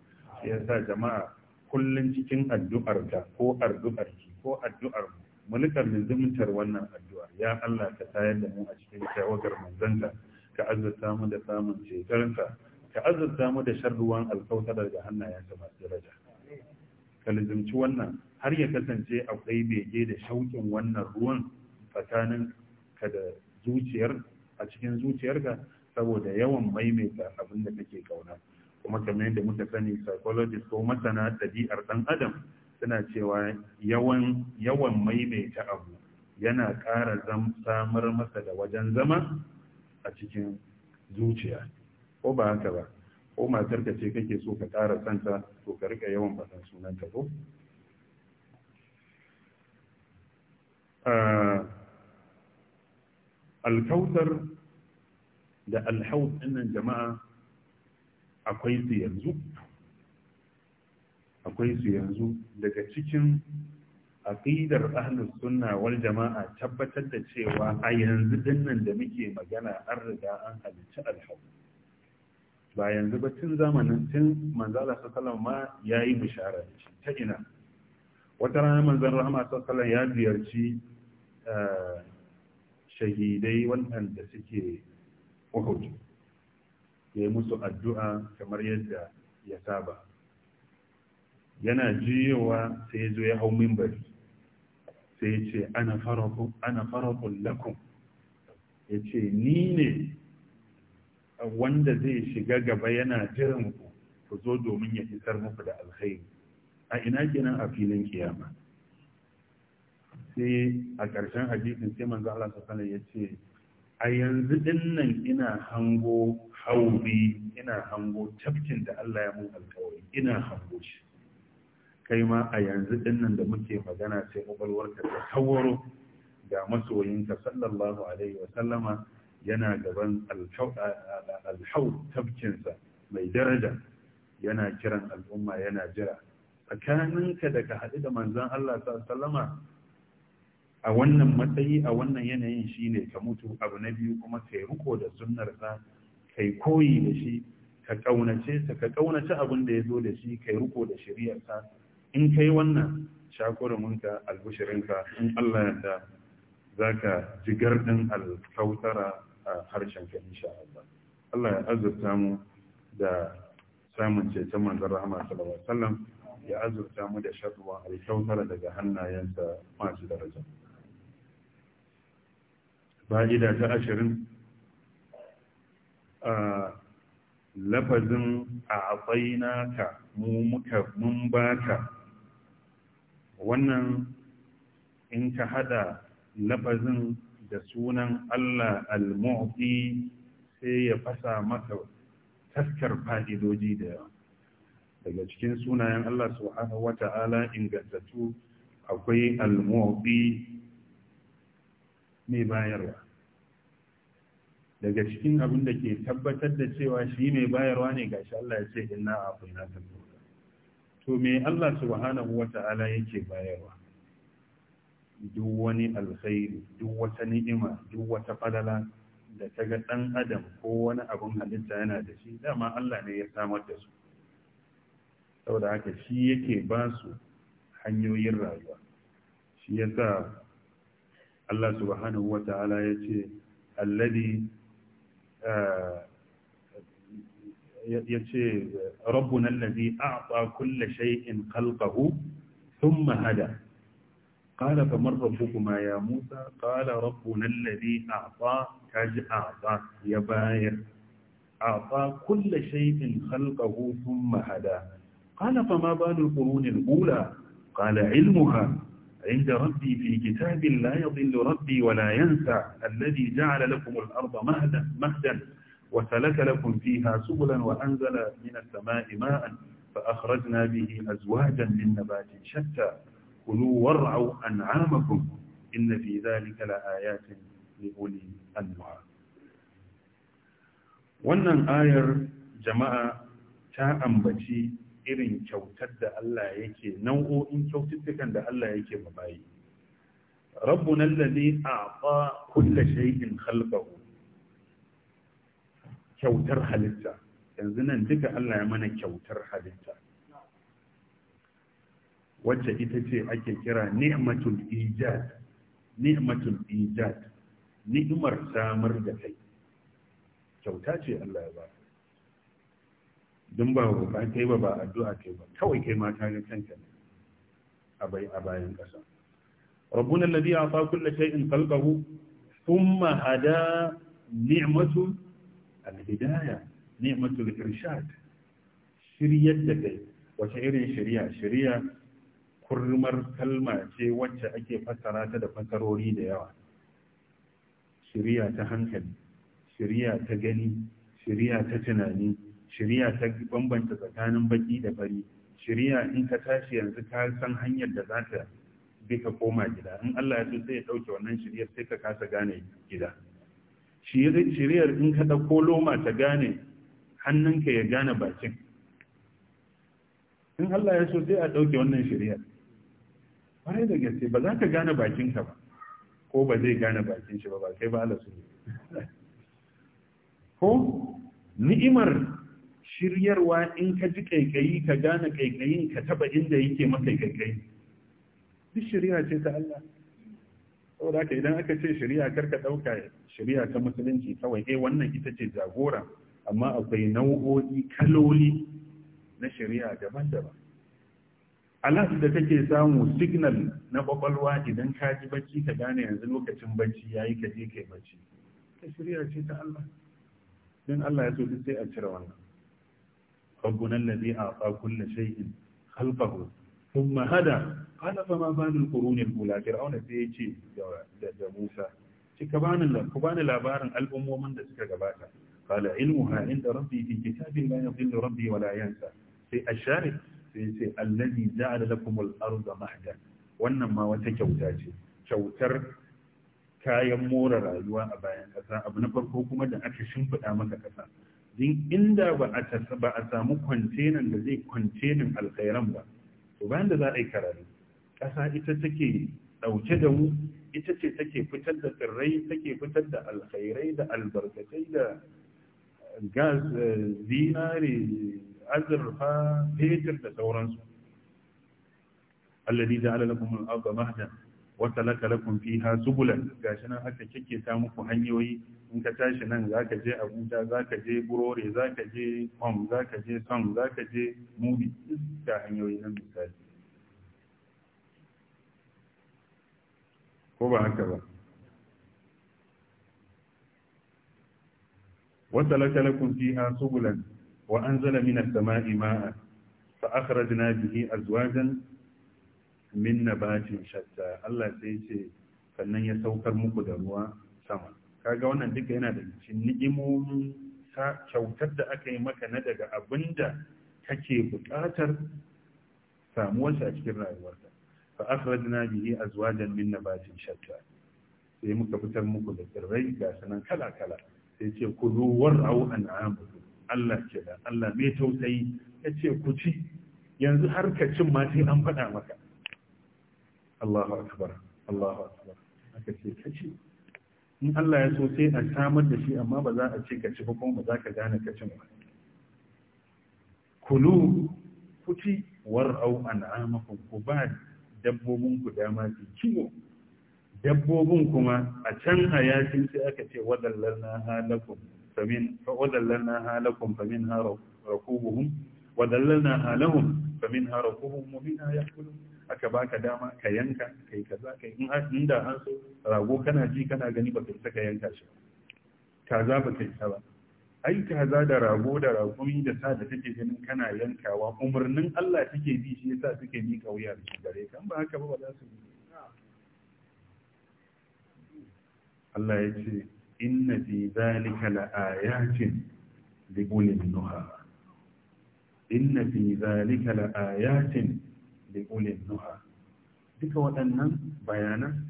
S1: shi sa jama'a kullum cikin addu'ar ta ko addu'ar ki ko addu'ar mu mu wannan addu'ar ya Allah ka tayar da mu a cikin tawagar manzanta ka azurta mu da samun cetarsa ka azurta mu da sharruwan alkautar daga hannayen ta masu daraja ka lizumci wannan har ya kasance akwai bege da shauƙin wannan ruwan tsakanin ka da zuciyar a cikin zuciyarka saboda yawan maimaita abin da kake kauna kuma kamar yadda muka sani psychologist ko masana ɗabi'ar ɗan adam suna cewa yawan yawan maimaita abu yana ƙara samar masa da wajen zama a cikin zuciya ko ba haka ba ko matar ka ce kake so ka ƙara santa to ka rika yawan sunan sunanta ko ah, alkautar da alhaus ɗinnan jama'a akwai su yanzu akwai su yanzu daga cikin aqidar ahlus sunna wal jama'a tabbatar da cewa a yanzu dinnan da muke magana an riga an halicci alhaus ba yanzu ba tun zamanin tun manzala sallallahu ma yayi bishara da ta ina wata rana manzon rahama sallallahu ya ziyarci eh, shahidai waɗanda suke Uhud ya yi musu addu'a kamar yadda ya saba yana jiyowa sai ya zo ya hau mimbari sai ya ce ana farakun lakun ya ce ni ne wanda zai shiga gaba yana jiran ku ku zo domin ya isar muku da alkhairi a ina kenan a filin kiyama sai a ƙarshen hadisin sai manzo Allah ta ya ce a yanzu nan ina hango hauri ina hango tafkin da Allah ya mun alkawari ina hango shi kai ma a yanzu nan da muke magana sai kwakwalwarka ta tawaro ga masoyinka sallallahu alaihi wa sallama yana gaban alhau tafkinsa mai daraja yana kiran al'umma yana jira tsakaninka daga haɗu da manzon Allah sallallahu alaihi wa sallama a wannan matsayi a wannan yanayin shi ne ka mutu abu na biyu kuma kai riko da ka kai koyi da shi ka kaunace sa ka kaunace abin da ya zo da shi kai riko da shari'arsa in kai wannan shakuruminka albushirinka in Allah za ka ji gardin alkautara a harshen ka insha Allah Allah ya azurta mu da samun ceton manzon rahama sallallahu alaihi ya azurta mu da shaduwa alkautara daga hannayensa masu daraja fa'ida ta ashirin a lafazin a akwai naka mu muka mun baka wannan in ka hada lafazin da sunan Allah al sai ya fasa maka taskar fa'idoji da yawa daga cikin sunayen Allah subhanahu wata'ala ingantattu akwai al mai bayarwa daga cikin abin da ke tabbatar da cewa shi mai bayarwa ne ga shi Allah ya ce inna afina ta to me Allah subhanahu wata'ala yake bayarwa duk wani alkhairi duk wata ni'ima duk wata falala da ta ga ɗan adam ko wani abin halitta yana da shi dama Allah ne ya samar da su saboda haka shi yake ba su hanyoyin rayuwa shi ya sa Allah subhanahu wa ta'ala ya ce alladi eh, ya ce rabbun allazi a'ta kulli shay'in khalqahu thumma hada qala fa man rabbukuma ya musa qala rabbun allazi a'ta kaji a'ta ya bayar a'ta kulli shay'in khalqahu thumma hada qala fa ma balu qurunil ula qala ilmuka. عند ربي في كتاب لا يضل ربي ولا ينسى الذي جعل لكم الأرض مهدا, مهدا وسلك لكم فيها سبلا وأنزل من السماء ماء فأخرجنا به أزواجا من نبات شتى كلوا وارعوا أنعامكم إن في ذلك لآيات لأولي الألباب
S2: wannan ayar
S1: jama'a ta ambaci irin kyautar da Allah yake nau'o'in kyaututtukan da Allah yake ma bayi ne a ba kulla shaikin khalqahu kyautar halitta yanzu nan duka Allah ya mana kyautar halitta wacce ita ce ake kira ni'matul ijad ni'matul ijad ni'mar samar da kai kyauta ce Allah ya baka don ba ta yi ba ba addu'a yi ba kawai kai ma ta ga kanta ne a bai a bayan ƙasa a alladhi ata kulla shay'in khalqahu thumma hada ni'matu al hidaya ni'matu al-irshad shiryar da kai wace irin shirya shirya kurmar kalma ce wacce ake fassara ta da fassarori da yawa shirya ta hankali shirya ta gani shirya ta tunani shari'a ta bambanta tsakanin baki da fari shari'a in ka tashi yanzu ka san hanyar da za ta bi ka koma gida in Allah ya so sai ya dauke wannan shari'ar sai ka kasa gane gida shari'ar in ka dauko loma ta gane hannunka ya gane bakin in Allah ya so sai a dauke wannan shari'ar bare da gaske ba za ka gane bakinka ba ko ba zai gane bakin shi ba ba kai ba Allah su ko ni'imar shiryarwa in ka ji kaikayi ka gane kaikayin ka taba inda yake maka kaikayi duk shari'a ce ta Allah saboda ka idan aka ce shari'a karka dauka shari'a ta musulunci kawai eh wannan ita ce jagora amma akwai nau'o'i kaloli na shari'a daban-daban Allah da kake samu signal na kwakwalwa idan ka ji bacci ka gane yanzu lokacin bacci yayi ka je kai bacci ta shari'a ce ta Allah don Allah ya so sai a cire wannan ربنا الذي أعطى كل شيء خلقه ثم هدى قال فما بال القرون الأولى فرعون سيجي يا موسى كبان الأبار الأم من دسك جباتا قال علمها عند ربي في كتاب لا يضل ربي ولا ينسى في الشارع في الذي جعل لكم الأرض مهدا wannan ma wata kyauta ce kyautar kayan more rayuwa a bayan ƙasa abu na farko kuma da aka shimfiɗa maka ƙasa din inda ba a samu kwantenan da zai kwantenan alkhairan ba to bayan da za a yi karatu ƙasa ita take ɗauke da mu ita ce take fitar da tsirrai take fitar da alkhairai da albarkatai da gas eh, zinare azurfa fetur da sauransu alladhi ja'ala lakum al-ardha mahdan wata lakalakun fi ha subulan shi nan aka ta muku hanyoyi in ka tashi nan za ka je abuja za ka je burore za ka je hom za ka je son za ka je mubi ga hanyoyi nan misali ko ba haka ba wata lakalakun fi ha subulan wa an zala minas sama'i ma'a fa akhrajna bihi azwajan min batin shatta Allah sai ce sannan ya saukar muku da ruwa sama kaga wannan duka yana da cikin ni'imomin kyautar da aka yi maka na daga abinda kake buƙatar samuwarsa a cikin rayuwarka fa akhrajna bihi azwajan min nabatin shatta sai muka fitar muku da tsirrai ga sanan kala kala sai ce ku ruwar au an'amukum Allah ce da Allah mai tausayi yace ku ci yanzu har ka cin ma sai an faɗa maka Allahu akbar Allahu akbar aka ce kaci in Allah ya so sai a samar da shi amma ba za a ce kaci ba kuma ba za ka gane kacin ba kulu kuti war'au an'amakum ku ba dabbobin ku dama su kiwo dabbobin kuma a can a yakin sai aka ce wadallalna halakum famin fa wadallalna halakum famin harakubuhum wadallalna halahum famin harakubuhum wa minha yakulun aka baka dama ka yanka kai kaza kai in inda an so rago kana ji kana gani baka isa ka yanka shi kaza baka isa ba ai kaza da rago da ragumi da sa da take ganin kana yankawa umarnin Allah take bi shi yasa suke bi kauya da gare ka ba haka ba ba za su Allah ya ce inna fi zalika laayatin li nuha inna fi zalika laayatin li ulin nuha duka waɗannan bayanan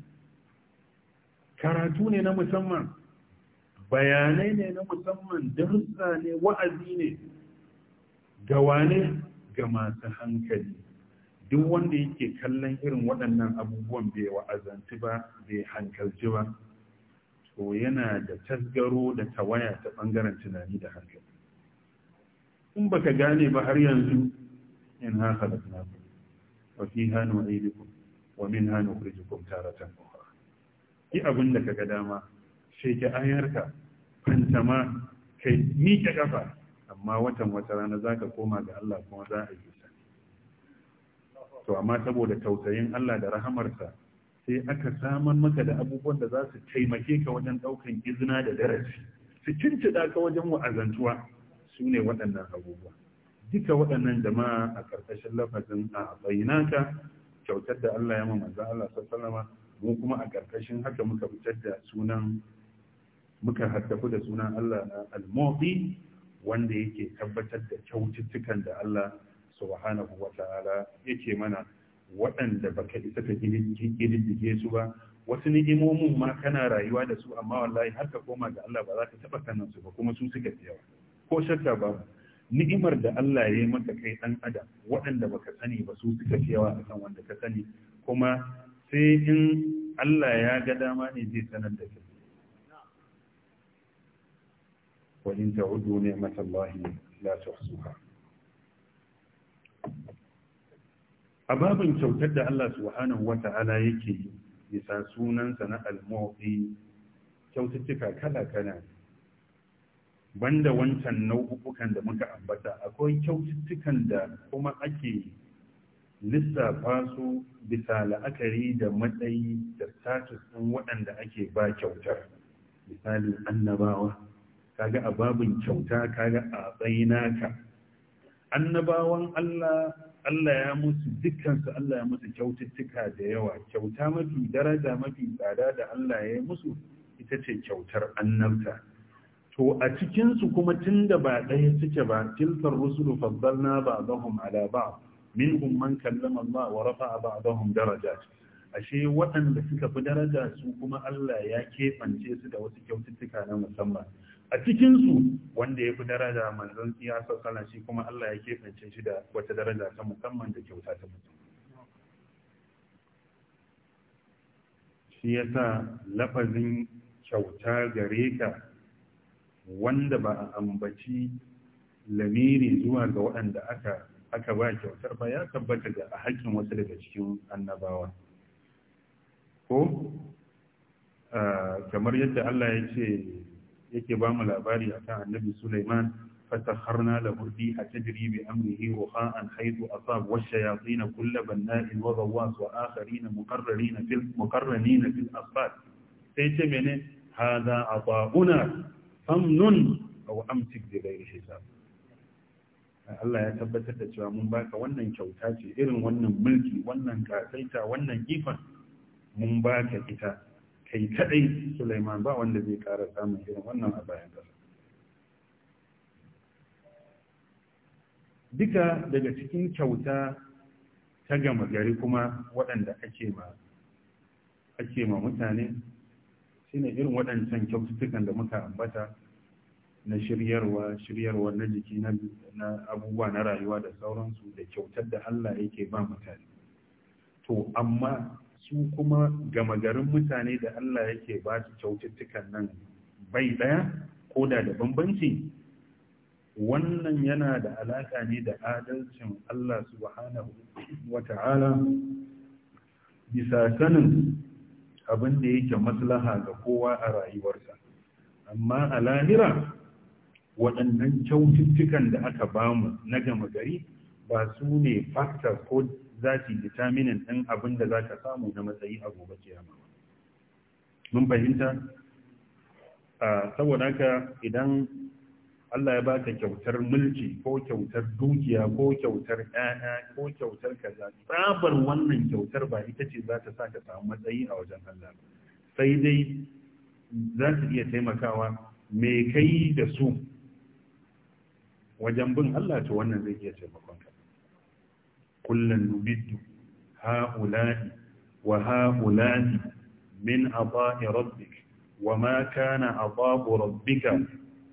S1: karatu ne na musamman bayanai ne na musamman darussa ne wa'azi ne ga wane ga masu hankali duk wanda yake kallon irin waɗannan abubuwan bai wa'azanci ba bai hankalci ba to yana da tasgaro da tawaya ta ɓangaren tunani da hankali in baka gane ba har yanzu in haka da وفيها نعيدكم ومنها نخرجكم تارة أخرى yi abin da kaga dama sheke ayarka fantama kai miƙe ƙafa amma watan wata rana za ka koma ga Allah kuma za a to amma saboda tausayin Allah da rahamarsa sai aka saman maka da abubuwan da za su taimake ka wajen ɗaukan izina da darasi su cinci ka wajen wa'azantuwa su ne waɗannan abubuwa duka waɗannan jama'a a ƙarƙashin lafazin a bayyinaka kyautar da Allah ya mamaza Allah sallama mu kuma a ƙarƙashin haka muka fitar da sunan muka haddafu da sunan Allah na al-mu'ti wanda yake tabbatar da kyaututtukan da Allah subhanahu wa ta'ala yake mana waɗanda baka isa ka girgige su ba wasu ni'imomin ma kana rayuwa da su amma wallahi har ka koma ga Allah ba za ka taɓa sanin su ba kuma su suka yawa ko shakka babu ni'imar da Allah ya yi maka kai dan adam waɗanda baka sani ba su suka cewa a kan wanda ka sani kuma sai in Allah ya ga dama ne zai sanar da kai wa in ta'udu ni'matallahi la tuhsuha babin kyautar da Allah subhanahu wata'ala yake yi bisa sunansa na al-mu'ti kyaututtuka kala-kala ne banda wancan nau'ukan da muka ambata akwai kyaututtukan da kuma ake lissafa su bisa la'akari da matsayi da status ɗin waɗanda ake ba kyautar misali annabawa kaga a babin kyauta kaga a ka. annabawan Allah Allah ya musu dukkansu Allah ya musu kyaututtuka da yawa kyauta mafi daraja mafi tsada da Allah ya musu ita ce kyautar annabta to a cikinsu kuma tunda ba ɗaya suke ba tilkar rusulu faddalna ba'dahum ala ba'd minhum man kallama Allah wa rafa'a ba'dahum darajat ashe waɗanda suka fi daraja su kuma Allah ya kefance su da wasu kyaututtuka na musamman a cikinsu wanda ya fi daraja manzon iya sassana shi kuma Allah ya kefance shi da wata daraja ta musamman da kyauta ta musamman shi yasa lafazin kyauta gare ka wanda ba a ambaci lamiri zuwa ga waɗanda aka aka ba kyautar ba ya tabbata ga a haƙƙin wasu daga cikin annabawa ko ah, kamar yadda Allah ya ce yake ba mu labari kan annabi Sulaiman فتخرنا له الريح تجري بأمره رخاء حيث أصاب والشياطين كل بناء وغواص وآخرين مقررين في مقرنين في haza سيتمنى هذا عطاؤنا famnun aw amsik bi ghairi hisab Allah ya tabbatar da cewa mun baka wannan kyauta ce irin wannan mulki wannan kasaita wannan ifan mun baka ita kai kadai Sulaiman ba wanda zai kara samun irin wannan a bayan kasa duka daga cikin kyauta ta gama gari kuma waɗanda ake ma ake ma mutane shine irin waɗancan kyaututtukan da muka ambata na shiryarwa shiryarwa na jiki na abubuwa na rayuwa da sauransu da kyautar da Allah yake ba mutane to amma su kuma gama garin mutane da Allah yake ba su kyaututtukan nan bai ɗaya ko da da bambanci wannan yana da alaƙa ne da adalcin Allah subhanahu wa ta'ala bisa sanin abin da yake maslaha ga kowa a rayuwarsa amma a lahira waɗannan kyaututtukan da aka bamu na gama gari ba su ne factor ko za su ɗin abin da za ka samu na matsayi a gobe kiyama mun fahimta ah, saboda haka idan Allah ya baka kyautar mulki ko kyautar dukiya ko kyautar ɗaya ko kyautar kaza tsabar wannan kyautar ba ita ce za ta sa ka samu matsayi a wajen Allah sai dai za su iya taimakawa me kai da su wajen bin Allah to wannan zai iya taimakon ka kullun nubiddu ha'ula'i wa ha'ula'i min aba'i rabbik wa ma kana ababu rabbika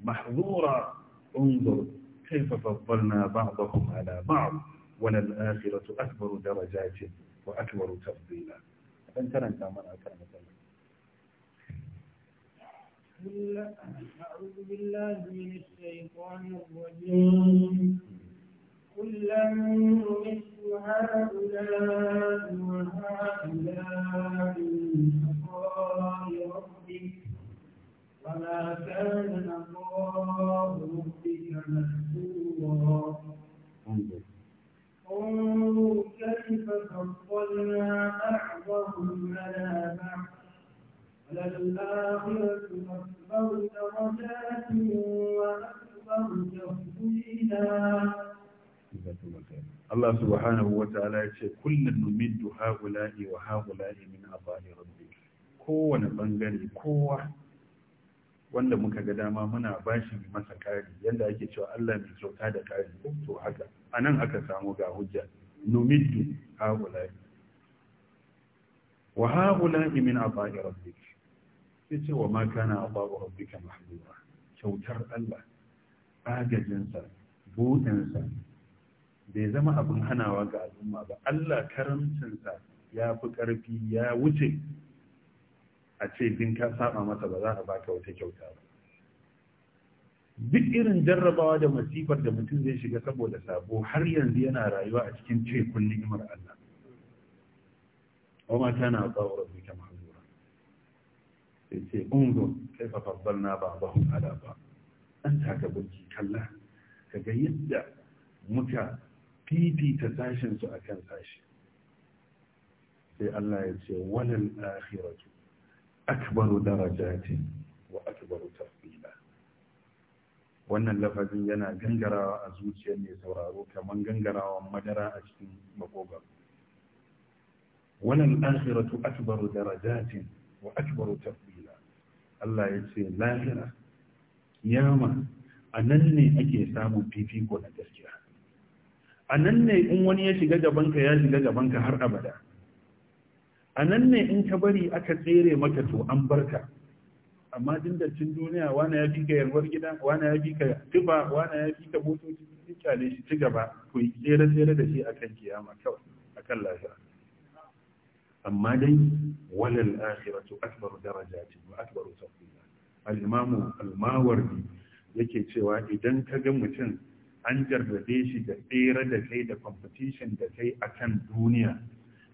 S1: محظورا انظر كيف فضلنا بعضهم على بعض وللآخرة أكبر درجات وأكبر تفضيلا أنت أنت من أكرمك أعوذ بالله من الشيطان الرجيم كلا مثل هؤلاء وهؤلاء من وما كان الله ربك مهجورا انظر كيف فضلنا بعضهم على بعض وللآخرة أكبر درجات وأكبر تفضيلا الله سبحانه وتعالى يقول كل نمد هؤلاء وهؤلاء من أضاء ربك kowane bangare kowa wanda muka ga dama muna bashi masa kari yadda ake cewa Allah mai kyauta da kari to haka A nan aka samu ga hujja numiddu haulai wa haulai min aba'i rabbik sai ce wa ma kana aba'u rabbika mahdura kyautar Allah agajinsa buɗinsa bai zama abin hanawa ga al'umma ba Allah karamcinsa ya fi ƙarfi ya wuce a ce din ka saba masa ba za a baka wata kyauta ba duk irin jarrabawa da masifar da mutum zai shiga saboda sabo har yanzu yana rayuwa a cikin ce kullum imar Allah wa tana na ba wa rabbi kama hazura sai ce ungo kai fa faddalna ba ba ala ba an taka gunki kalla kaga yadda muka fifita sashen su akan sashi sai Allah ya ce walal akhiratu akbaru darajatin wa akbaru tafdila wannan lafazin yana gangarawa a zuciyar mai sauraro kaman gangarawan madara a cikin makogaro wannan akhiratu akbaru darajatin wa akbaru tafdila Allah ya ce lahira kiyama a nan ne ake samun fifiko na gaskiya a nan ne in wani ya shiga gabanka ya shiga gabanka har abada a nan ne in ka bari aka tsere maka to an barka amma din da cin duniya wani ya fika yarwar gida wani ya fika tuba wani ya fika motoci sun kyale shi ci gaba to yi tsere tsere da shi a kan kiyama kawai kan lafiya amma dai walal akhiratu akbaru ce wa akbaru tafdila al-imamu al-mawardi yake cewa idan ka ga mutum an jarrabe shi da tsere da kai da competition da kai akan duniya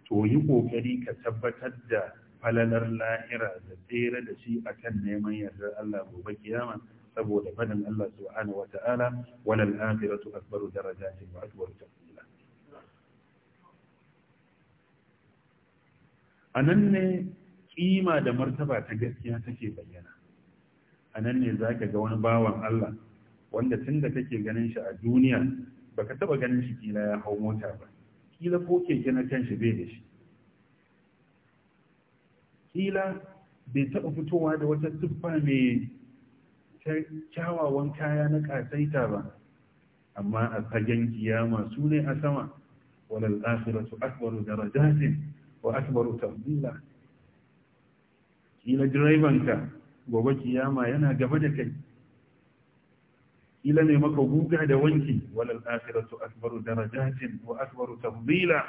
S1: to yi ƙoƙari ka tabbatar da falalar lahira da tsere da shi akan neman yardar Allah gobe kiyama saboda fadin Allah subhanahu wata'ala walal akhiratu akbaru darajatin wa akbaru A nan ne kima da martaba ta gaskiya take bayyana anan ne zaka ga wani bawan Allah wanda tunda kake ganin shi a duniya baka taba ganin shi kila ya hau mota ba kila ko keke na kanshi bai da shi kila bai taɓa fitowa da wata siffa mai kyawawan kaya na ƙasaita ba amma a fagen kiyama su ne a sama walal akhiratu akbaru darajatin wa akbaru tafdila kila direbanka gobe kiyama yana gaba da kai ila ne maka guga da wanki walal akhiratu akbaru darajatin wa akbaru tafdila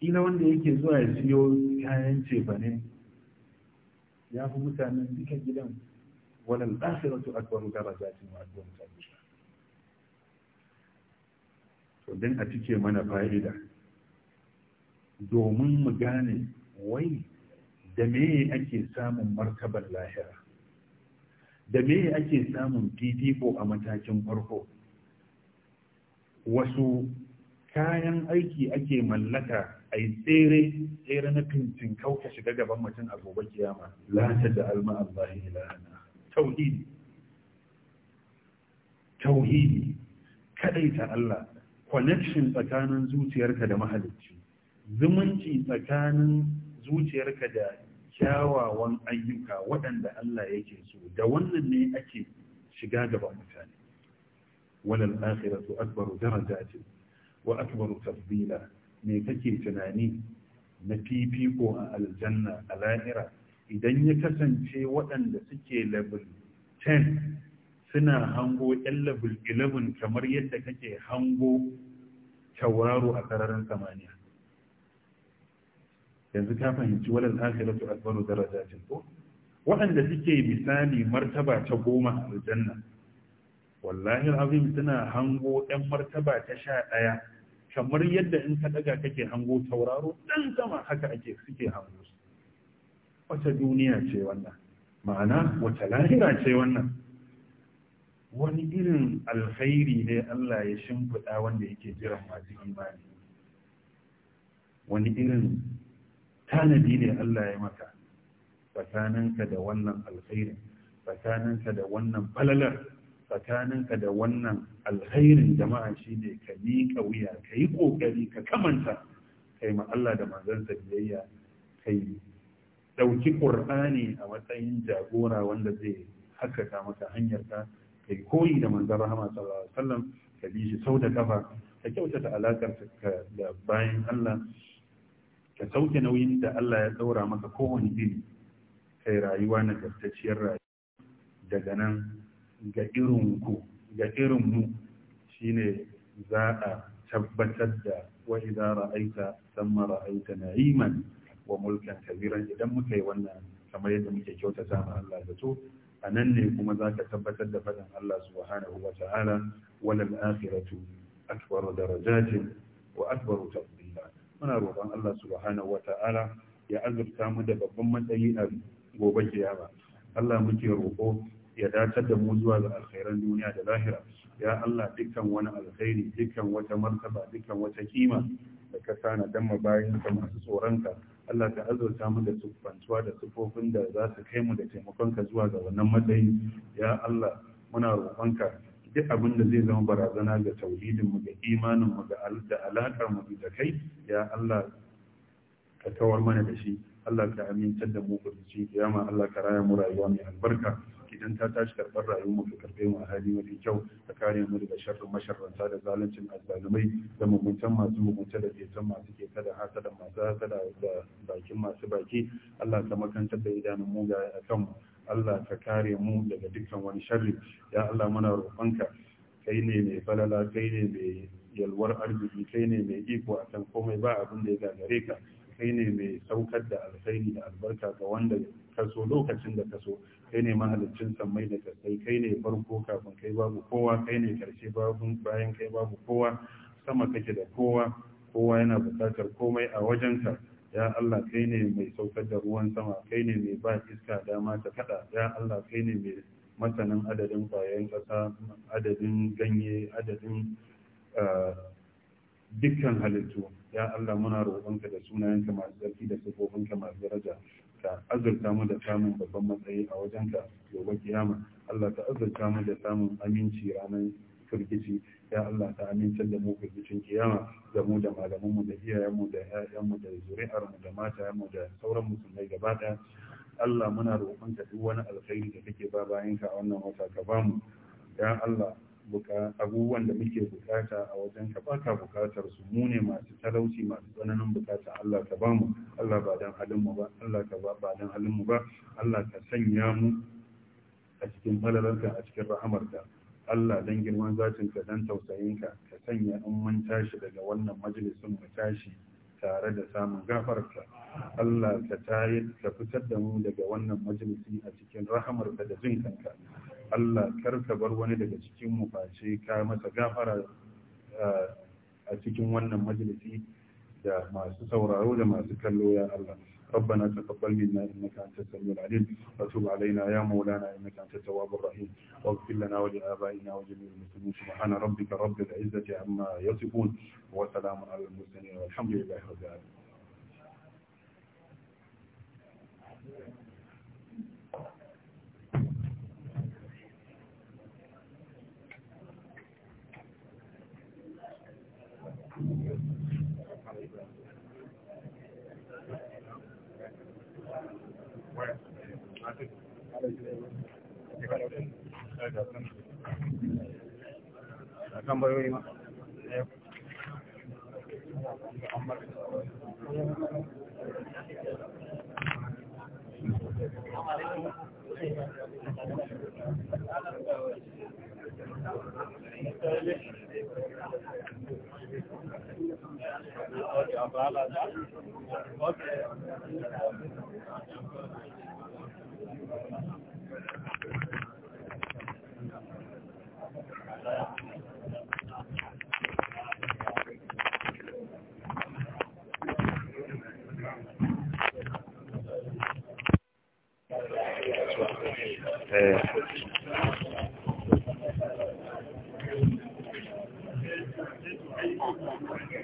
S1: ila wanda yake zuwa ya siyo kayan ce ba ne, ya fi mutanen duka gidan walal akhiratu akbaru darajatin wa akbaru tafdila to dan a cike mana fa'ida domin mu gane wai da me ake samun martabar lahira da me ake samun fifiko a matakin farko wasu kayan aiki ake mallaka a yi tsere tsere na fintin kauka shiga gaban mutum a gobe kiyama lata da alma Allah ilana tauhidi tauhidi kadaita Allah connection tsakanin zuciyarka da mahalicci zumunci tsakanin zuciyarka da kyawawan ayyuka waɗanda Allah yake so da wannan ne ake shiga gaban mutane walal akhiratu akbaru darajatin wa akbaru tafdila me kake tunani na fifiko a aljanna a lahira idan ya kasance waɗanda suke level 10 suna hango 'yan level 11 kamar yadda kake hango tauraro a sararin samaniya yanzu ka fahimci walal akhiratu akbaru darajatin ko waɗanda suke misali martaba ta goma aljanna wallahi azim tana hango ɗan martaba ta sha ɗaya kamar yadda in ka daga kake hango tauraro ɗan sama haka ake suke hango su wata duniya ce wannan ma'ana wata lahira ce wannan wani irin alkhairi ne Allah ya shimfiɗa wanda yake jiran masu imani wani irin tanadi ne Allah ya maka tsakaninka da wannan alkhairin tsakaninka da wannan falalar tsakaninka da wannan alkhairin jama'a ne, ka miƙa wuya ka yi ƙoƙari ka kamanta kai ma Allah da manzansa biyayya kai ɗauki ƙur'ani a matsayin jagora wanda zai haskaka maka hanyar ka kai koyi da manzon rahama sallallahu alaihi wasallam ka bi shi sau da kafa ka kyautata alaƙar da bayan Allah ka sauke nauyin da Allah ya ɗaura maka kowane iri kai rayuwa na gartacciyar rayuwa daga nan ga irin ku ga irin mu shine za a tabbatar da wa idza ra'aita thumma ra'aita na'iman wa mulkan kabiran idan muka yi wannan kamar yadda muke kyautata ma Allah zato a nan ne kuma za ka tabbatar da faɗin Allah subhanahu wa ta'ala walal akhiratu akbar darajatin wa akbar muna roƙon Allah subhanahu wata'ala ya azurta mu da babban matsayi a gobe kiyama Allah muke roƙo ya datar da mu zuwa ga alkhairan duniya da lahira ya Allah dukkan wani alkhairi dukkan wata martaba dukkan wata kima da ka sana dan mabayin ka masu tsoronka Allah ta azurta mu da sufantuwa da sufofin da za su kai mu da taimakonka zuwa ga wannan matsayi ya Allah muna roƙonka duk abin da zai zama barazana ga tauhidinmu ga da ga mu da kai ya Allah ka kawar mana da shi Allah ka amintar da mu ya kiyama Allah ka raya mu rayuwa mai albarka idan ta tashi karɓar rayuwar mu ka karɓe mu a hali mafi kyau ka kare mu daga sharrin masharranta da zaluncin azzalumai da muguntan masu mugunta da ketan masu keta da hasada masu hasada da bakin masu baki Allah ka makantar da idanun mu ga kanmu Allah ka kare mu daga dukkan wani sharri ya Allah muna roƙonka kai ne mai falala kai ne mai yalwar arziki kai ne mai iko a kan komai ba abin da ya gagare ka kai ne mai saukar da alkhairi da albarka ga wanda ka so lokacin da ka so kai ne mahalicin sammai da kasai kai ne farko kafin kai babu kowa kai ne karshe bayan kai babu kowa sama kake da kowa kowa yana buƙatar komai a wajenka ya Allah kai ne mai saukar da ruwan sama kai ne mai ba iska dama ta kada ya Allah kai ne mai masanin adadin kwayoyin ƙasa adadin ganye adadin ah, dukkan halittu ya Allah muna roƙonka da sunayenka masu zarfi da sifofinka masu daraja ka azurta mu da samun babban matsayi a wajenka gobe kiyama Allah ka azurta mu da samun aminci ranar firgici ya Allah ta amintar da mu firgicin kiyama da mu da malamanmu da iyayenmu da ƴaƴanmu da zuri'armu da matayenmu da sauran musulmai gaba ɗaya Allah muna roƙon ka duk wani alkhairi da kake ba ka a wannan wata ka bamu ya Allah abubuwan da muke bukata a wajen ka baka bukatar su mu ne masu talauci masu tsananin bukata Allah ka bamu Allah ba dan halin mu ba Allah ka ba dan halin mu ba Allah ka sanya mu a cikin falalarka a cikin rahamarka Allah don girman zatinka don tausayinka ka sanya in mun tashi daga wannan majalisun mu tashi tare da samun gafarka Allah ka tayar ka fitar da mu daga wannan majalisi a cikin rahamarka da jin kanka Allah kar ka bar wani daga cikin mu face ka masa gafara a cikin wannan majalisi da masu sauraro da masu kallo ya Allah ربنا تقبل منا إنك أنت السميع العليم وتب علينا يا مولانا إنك أنت التواب الرحيم واغفر لنا ولآبائنا وجميع المسلمين سبحان ربك رب العزة عما يصفون وسلام على المرسلين والحمد لله رب العالمين tambayoyi ma Okay. eh